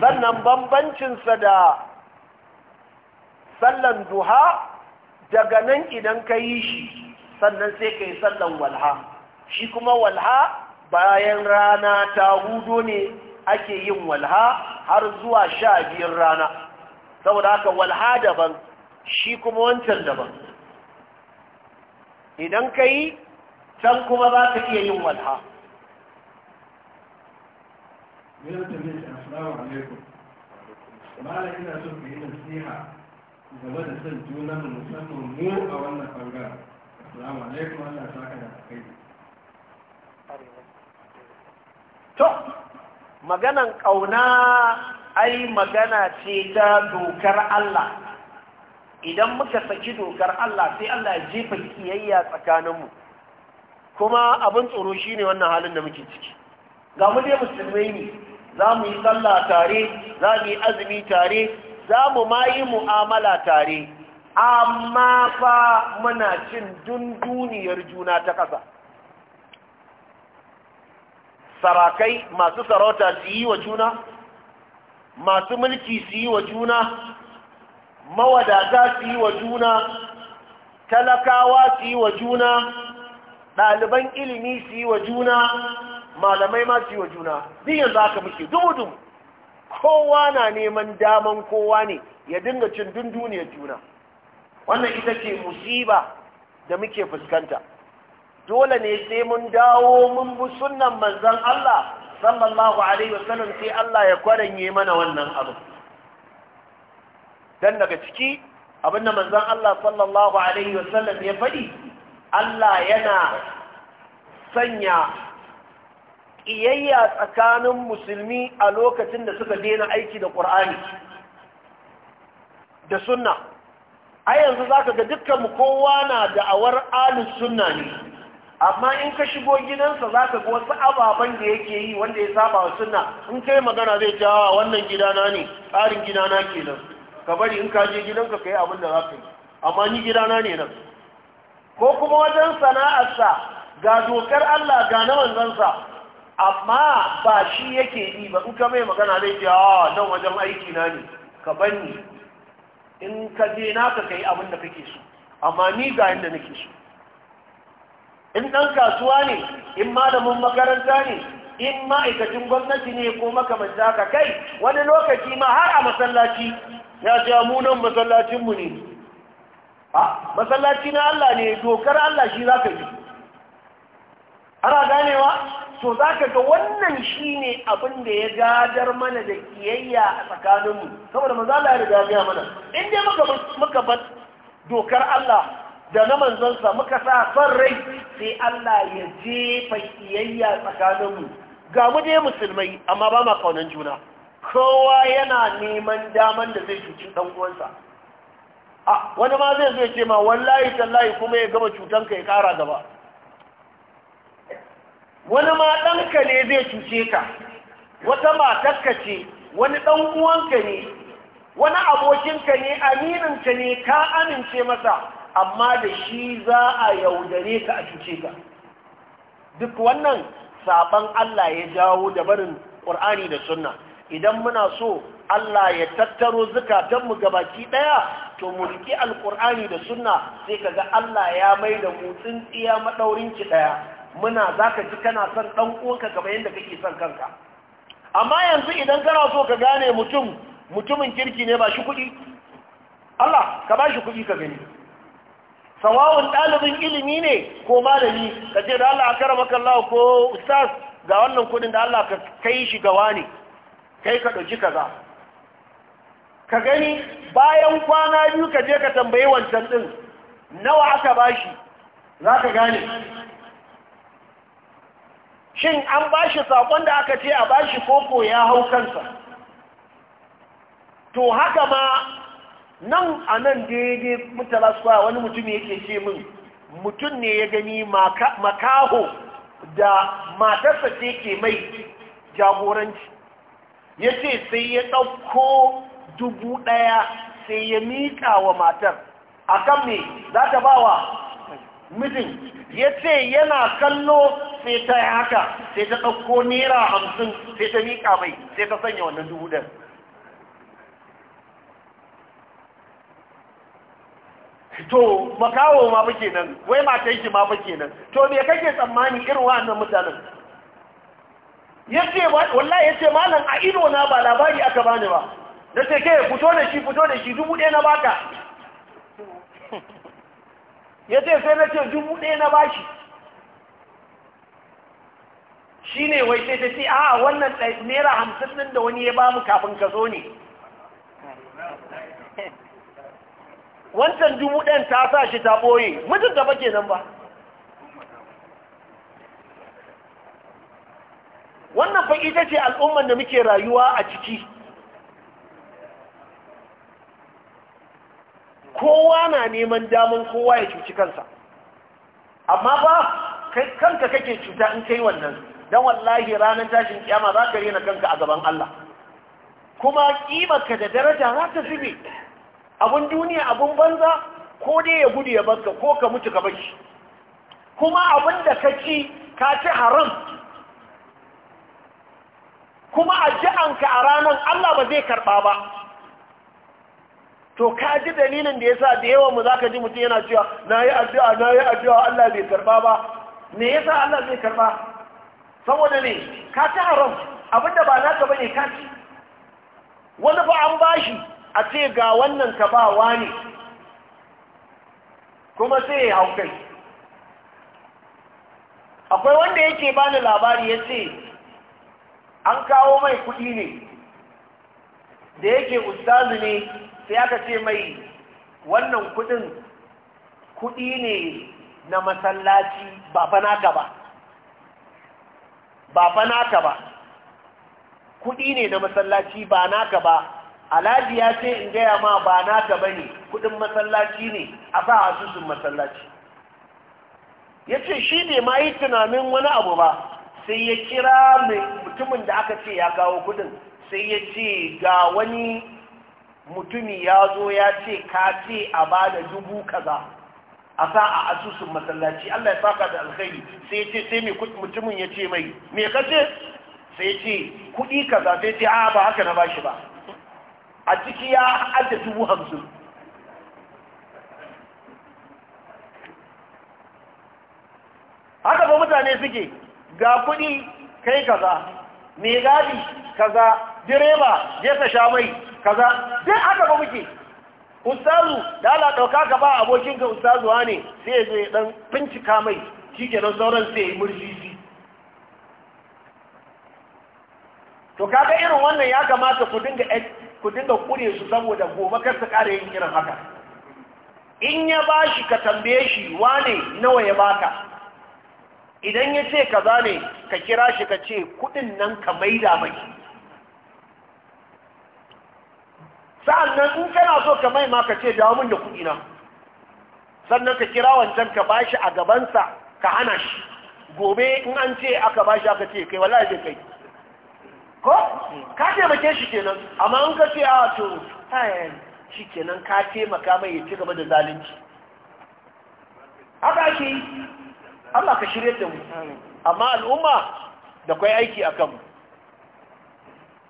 sannan bambancinsa da sallan duha daga nan idan ka yi shi sannan sai ka yi sallan walha shi kuma walha bayan rana ta hudu ne ake yin walha har zuwa sha biyun rana saboda haka walha daban shi kuma wancan daban idan ka yi can kuma za ka iya yin walha Malam ina son ku yi nasiha da son juna mu musamman mu a wannan assalamu alaikum Allah kai to maganan ƙauna, ai magana ce ta dokar Allah idan muka saki dokar Allah sai Allah ya jefa kiyayya tsakaninmu kuma abin tsoro shine wannan halin da muke ciki ga mu dai musulmai ne za mu yi sallah tare za mu yi azumi tare za mu ma yi mu'amala tare amma fa muna cin dunduniyar juna ta ƙasa sarakai masu sarauta su yi wa juna masu mulki su yi wa juna mawadata su yi wa juna talakawa su yi wa juna ɗaliban ilimi su yi wa juna malamai ma su yi wa juna biyan za ka muke dumudum kowa na neman daman kowa ne ya dinga cin dunduniyar juna wannan ita ce musiba da muke fuskanta dole ne sai mun dawo mun bi sunnan manzon Allah sallallahu alaihi wasallam sai Allah ya kwaranye mana wannan abu dan daga ciki abinda manzon Allah sallallahu alaihi wasallam ya faɗi Allah yana sanya ƙiyayya tsakanin musulmi a lokacin da suka daina aiki da ƙur'ani da sunna a yanzu za ka ga dukkanmu kowa na da'awar alin sunna ne amma in ka shigo gidansa za ka ga wasu ababen da yake yi wanda ya saba wa sunna in kai magana zai ce a wannan gidana ne tsarin gidana kenan ka bari in ka gidanka ka yi abin da za ka yi amma ni gidana ne nan ko kuma wajen sana'arsa ga dokar Allah ga na manzansa amma ba shi yake yi ba in ka mai magana zai ce a ah, nan wajen aiki na ne ka banni in ka je naka kai abin da kake so amma ni ga yadda nake so in ɗan kasuwa ne in malamin makaranta ne in ma'aikacin gwamnati ne ko makamanta ka kai wani lokaci ma har a masallaci ya ce ah, mu nan masallacinmu ne masallaci na Allah ne dokar Allah shi za ka yi ana ganewa to zaka ga wannan shine ne abin da ya gadar mana da kiyayya a tsakaninmu saboda maza Allah ya riga gaya mana in dai muka bar dokar Allah da na manzonsa muka sa son rai sai Allah ya jefa kiyayya tsakaninmu ga mu dai musulmai amma ba ma kaunan juna kowa yana neman daman da zai cuci dan uwansa a wani ma zai zo ya ce ma wallahi tallahi kuma ya gama cutanka ya kara gaba wani ma ɗanka ne zai cuce ka wata matarka ce wani ɗan ne wani abokinka ne amininka ne ka amince masa amma da shi za a yaudare ka a cuce ka duk wannan saban Allah ya jawo da barin ƙur'ani da sunna idan muna so Allah ya tattaro zukatanmu gabaki ɗaya to mu riƙi alƙur'ani da sunna sai ka ga Allah ya mai da mu tsintsiya maɗaurinki ɗaya muna za ka ji kana son ɗan uwanka gaba yadda kake son kanka amma yanzu idan kana so ka gane mutum mutumin kirki ne ba shi kuɗi Allah ka ba shi kuɗi ka gani sawawun ɗalibin ilimi ne ko malami ka ce da Allah a kara maka ko ustaz ga wannan kuɗin da Allah ka kai shi gawa ne kai ka ɗauki kaza ka gani bayan kwana biyu ka je ka tambayi wancan ɗin nawa aka ba shi za ka gane shin an ba shi saƙon da aka ce a ba shi koko ya hau kansa to haka ma nan a nan daidai mutala suwa wani mutum yake ce min mutum ne ya gani makaho da matarsa ce ke mai jagoranci ya ce sai ya ɗauko dubu ɗaya sai ya miƙa wa matar a kan me za ta ba wa mijin ya ce yana kallo sai ta yi haka sai ta ɗauko nera hamsin sai ta miƙa mai sai ta sanya wannan dubu ɗin to makawo ma ba kenan wai matan shi ma ba kenan to me kake tsammani irin wa'annan mutanen yace wallahi ce malam a ido na ba labari aka bani ba Da ke fito da shi fito da shi dubu ɗaya na baka ya ce sai na ce dubu ɗaya na bashi shi ne wai sai ta ce a wannan naira hamsin ɗin da wani ya ba mu kafin ka zo ne wancan dubu ɗan ta sa shi ta ɓoye mutum da bake nan ba wannan fa ita ce al'ummar da muke rayuwa a ciki kowa na neman daman kowa ya cuci kansa amma ba kanka kake cuta in kai wannan don wallahi ranar tashin kyama za ka rena kanka a gaban Allah kuma kimarka da daraja za ta zube abin duniya abin banza ko dai ya gudu ya banka ko ka mutu ka bashi kuma abin da ka ci ka ci haram kuma a anka a ranar Allah ba zai karɓa ba to ka ji dalilin da ya sa da yawan mu ka ji mutum yana cewa na yi addu'a na yi addu'a Allah bai karba ba me sa Allah bai karba saboda ne ka ta haram abinda ba naka ne ka ci wani ba an bashi a ce ga wannan ka ba wani kuma sai ya hau akwai wanda yake bani labari ya ce an kawo mai kuɗi ne da yake ustazu ne sai aka ce mai wannan kudin kudi ne na masallaci ba fa naka ba ba naka ba kudi ne na masallaci ba naka ba alhaji ya ce in gaya ma ba naka ba ne kudin masallaci ne a sa asusun masallaci ya ce shi ne ma yi tunanin wani abu ba sai ya kira mutumin da aka ce ya kawo kudin sai ya ce ga wani mutumi ya zo ya ce ka ce a ba da dubu kaza a sa a asusun masallaci Allah ya saka da alkhairi sai ya ce sai mai mutumin ya ce mai me ka ce sai ya ce kuɗi kaza sai ya ce a ba haka na bashi ba a ciki ya ajiye dubu hamsin haka ba mutane suke ga kuɗi kai kaza mai gadi kaza direba je ka sha mai kaza sai haka ba muke ustazu da ala ɗauka ka ba abokinka wa ne sai ya zo ya dan bincika mai shi ke nan sauran sai yi murjiji to kaga irin wannan ya kamata ku dinga ku dinga kure su saboda gobe kar su ƙara yin irin haka in ya bashi ka tambaye shi wane nawa ya baka idan ya ce kaza ne ka kira shi ka ce kuɗin nan ka maida mai sa'an nan in kana so ka mai maka ka ce dawo min da kuɗi na sannan ka kira wancan ka bashi a gabansa ka hana shi gobe in an ce aka bashi aka ce kai wala zai kai ko ka taimake shi kenan amma in ka ce a ah, wato tayan shi kenan ka taimaka mai ya ci gaba da zalunci haka ake yi Allah ka shirye da mu amma al'umma da kwai aiki a kanmu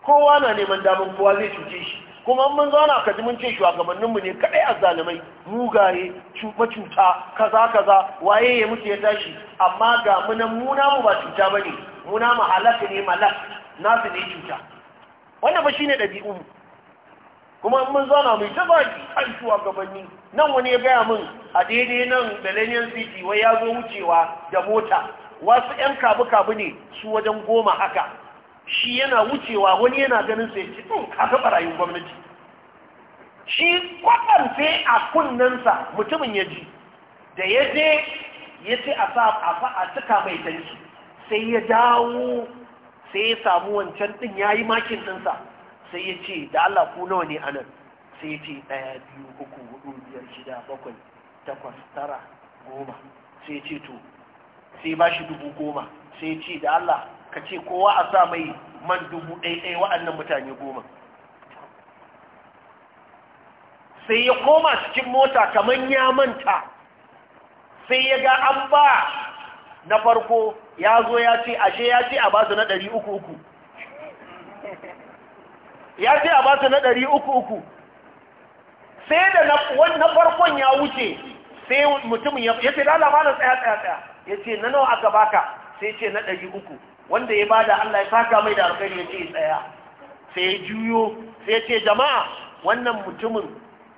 kowa na neman damar kowa zai cuce shi kuma mun zauna ka ji mun ce shugabanninmu ne kadai azzalumai mugaye cuta kaza kaza waye ya muke ya tashi amma ga mu nan mu ba cuta bane mu halaka ne malak nasu ne cuta wannan ba shine dabi'un kuma mun zauna mu ta baki an shugabanni nan wani ya gaya mun a daidai nan Millennium City wai ya zo wucewa da mota wasu 'yan kabu-kabu ne su wajen goma haka shi yana wucewa wani yana ganin sai ci ɗin a barayin gwamnati shi kwakwar sai a kunnensa mutumin ya ji da ya je ya ce a sa a cika mai tanki sai ya dawo sai ya samu wancan ɗin ya yi makin ɗinsa sai ya ce da Allah ku nawa ne anan sai ya ce ɗaya biyu uku hudu biyar shida bakwai takwas tara goma sai ya ce to sai ba shi dubu goma sai ya ce da Allah ka ce kowa a sa mai man dubu ɗaiɗai wa'annan mutane goma sai ya koma cikin mota kamar ya manta sai ya ga an ba na farko ya zo ya ce ashe ya ce a ba su na ɗari uku uku ya ce a ba su na ɗari uku uku sai da na farkon ya wuce sai mutumin ya ce lalama na tsaya tsaya tsaya ya ce na nawa aka baka sai ce na ɗari uku wanda ya bada Allah ya saka mai da alkhairi ya ce tsaya sai ya juyo sai ya ce jama'a wannan mutumin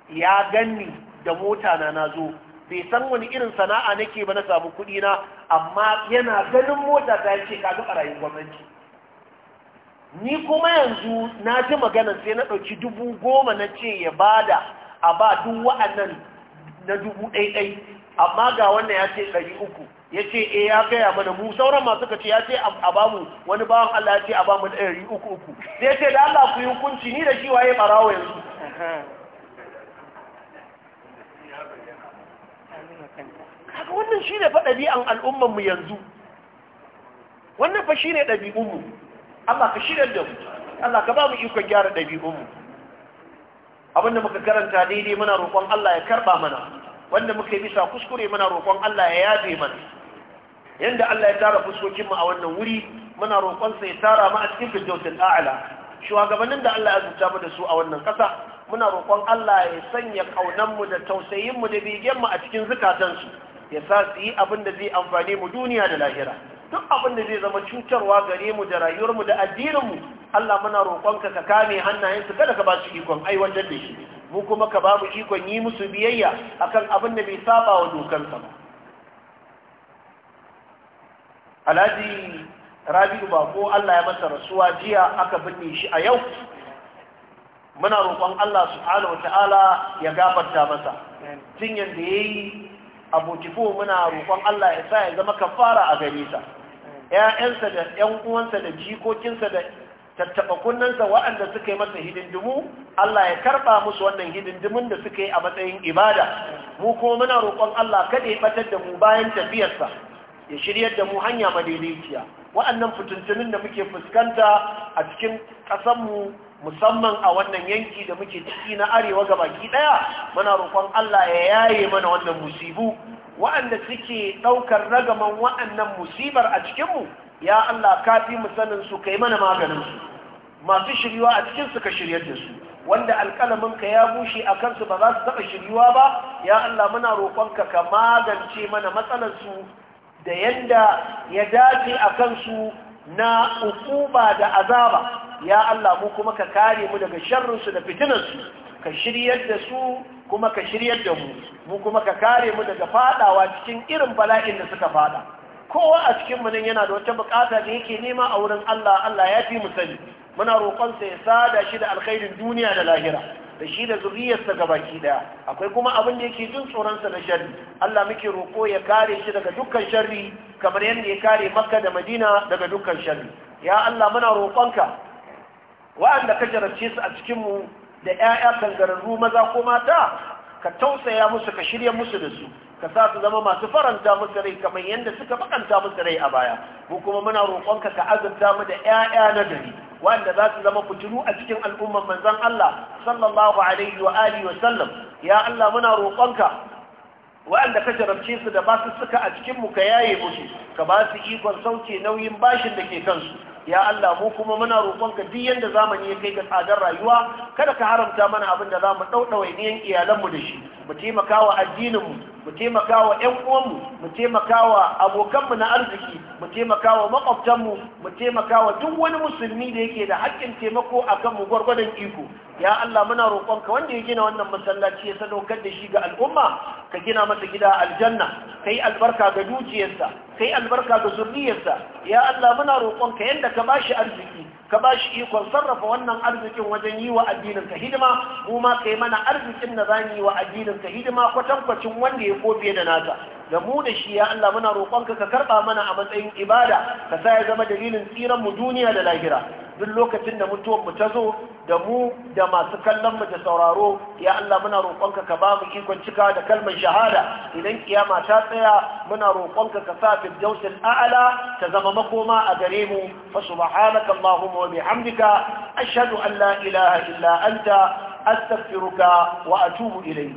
ya ganni da mota na na zo bai san wani irin sana'a nake ba na samu kuɗi na amma yana ganin mota ta ya ce kaga rayuwar gwamnati ni kuma yanzu na ji magana sai na ɗauki dubu goma na ce ya bada a ba duk wa'annan na dubu ɗaiɗai amma ga wannan ya ce ɗari uku ya ce e ya gaya mana mu sauran masu kace ya ce a bamu wani bawan Allah ya ce a bamu da ɗari uku uku sai ya ce da Allah ku yi hukunci ni da shi waye barawo yanzu kaga wannan shi ne fa ɗabi'an mu yanzu wannan fa shi ne mu Allah ka shirya da mu Allah ka ba mu ikon gyara ɗabi'unmu abinda muka karanta daidai muna roƙon Allah ya karɓa mana wanda muka yi bisa kuskure muna roƙon Allah ya yabe mana yanda Allah ya tara fuskokin mu a wannan wuri muna roƙon sa ya tara mu a cikin firdausul a'la shugabannin da Allah ya zuta mu da su a wannan ƙasa muna roƙon Allah ya sanya kaunan mu da tausayin mu da bigen mu a cikin zukatan su ya sa su yi abin da zai amfane mu duniya da lahira duk abin da zai zama cutarwa gare mu da rayuwar mu da addinin mu Allah muna roƙon ka ka kame hannayen su kada ka ba su ikon aiwatar da shi mu kuma ka ba mu ikon yi musu biyayya akan abin da bai saba wa dokansa ba alhaji rabi'u ko Allah ya masa rasuwa jiya aka binne shi a yau muna roƙon Allah subhanahu ta'ala ya gafarta masa tun yadda ya yi abotifo muna roƙon Allah ya sa ya zama kafara a gare sa ‘ya'yansa da ƴan uwansa da jikokinsa da tattaɓa sa waɗanda suka yi masa hidindimu Allah ya karɓa musu wannan hidindimun da suka yi a matsayin ibada mu kuma muna roƙon Allah kada ya ɓatar da mu bayan tafiyarsa ya shiryar da mu hanya madaidaiciya waɗannan fitintunin da muke fuskanta a cikin ƙasanmu musamman a wannan yanki da muke ciki na arewa ga baki ɗaya muna roƙon Allah ya yaye mana wannan musibu waɗanda suke ɗaukar ragaman waɗannan musibar a cikinmu ya Allah kafi mu sanin su kai mana maganin su masu shiryuwa a cikin su shiryar da su wanda alƙalamin ka ya bushe a kansu ba za su taɓa shiryuwa ba ya Allah muna roƙonka ka magance mana matsalar su da yanda ya dace a kansu na ukuba da azaba ya Allah mu kuma ka kare mu daga sharrinsu da fitinansu, ka shiryar da su kuma ka shiryar da mu mu kuma ka kare mu daga fadawa cikin irin bala'in da suka fada kowa a cikin mu nan yana da wata bukata da yake nema a wurin Allah Allah ya fi mu sani muna roƙon sa ya sada shi da alkhairin duniya da lahira da shi da zuriyarsa gabaki daya akwai kuma abin da yake jin tsoronsa da sharri Allah muke roko ya kare shi daga dukkan sharri kamar yadda ya kare Makka da Madina daga dukkan sharri ya Allah muna roƙonka wa'anda ka jarabce su a cikin mu da yaya kangararru maza ko mata ka tausaya musu ka shirya musu da su ka sa su zama masu faranta musu rai kamar yadda suka bakanta musu rai a baya mu kuma muna roƙonka ka azurta mu da ƴaƴa na gari wanda za su zama fitilu a cikin al'ummar manzon Allah sallallahu alaihi wa alihi wa sallam ya Allah muna roƙonka waɗanda ka jarabce su da basu suka a cikin mu ka yaye musu ka ba su ikon sauke nauyin bashin da ke kansu ya Allah mu kuma muna roƙonka duk yanda zamani ya kai ga tsadar rayuwa kada ka haramta mana abin da zamu ɗauɗawa niyan iyalanmu da shi mu taimaka wa addininmu mu taimaka wa ‘yan uwanmu mu taimaka wa abokanmu na arziki mu taimaka wa makwabtanmu mu taimaka wa duk wani musulmi da yake da haƙƙin taimako a kanmu gwargwadon iko ya Allah muna roƙonka wanda ya gina wannan masallaci ya sadaukar da shi ga al'umma ka gina masa gida aljanna kai albarka ga dukiyarsa kai albarka ga zurriyarsa ya Allah muna roƙonka yadda ka bashi arziki ka ba shi ikon sarrafa wannan arzikin wajen yi wa addininka hidima kuma kai ka yi mana arzikin da za yi wa addininka hidima kwatankwacin wanda ya ko da nata da mu da shi ya Allah muna roƙonka ka karɓa mana a matsayin ibada ka sa ya zama dalilin tsiran mu duniya da lahira duk lokacin da mutuwar mu ta zo da mu da masu kallon mu da sauraro ya Allah muna roƙonka ka ba mu ikon cika da kalmar shahada idan kiyama ta tsaya muna roƙonka ka sa firdausul a'ala ta zama makoma a gare mu fa subhanaka allahumma wa bihamdika ashhadu an la ilaha illa anta astaghfiruka wa atubu ilayk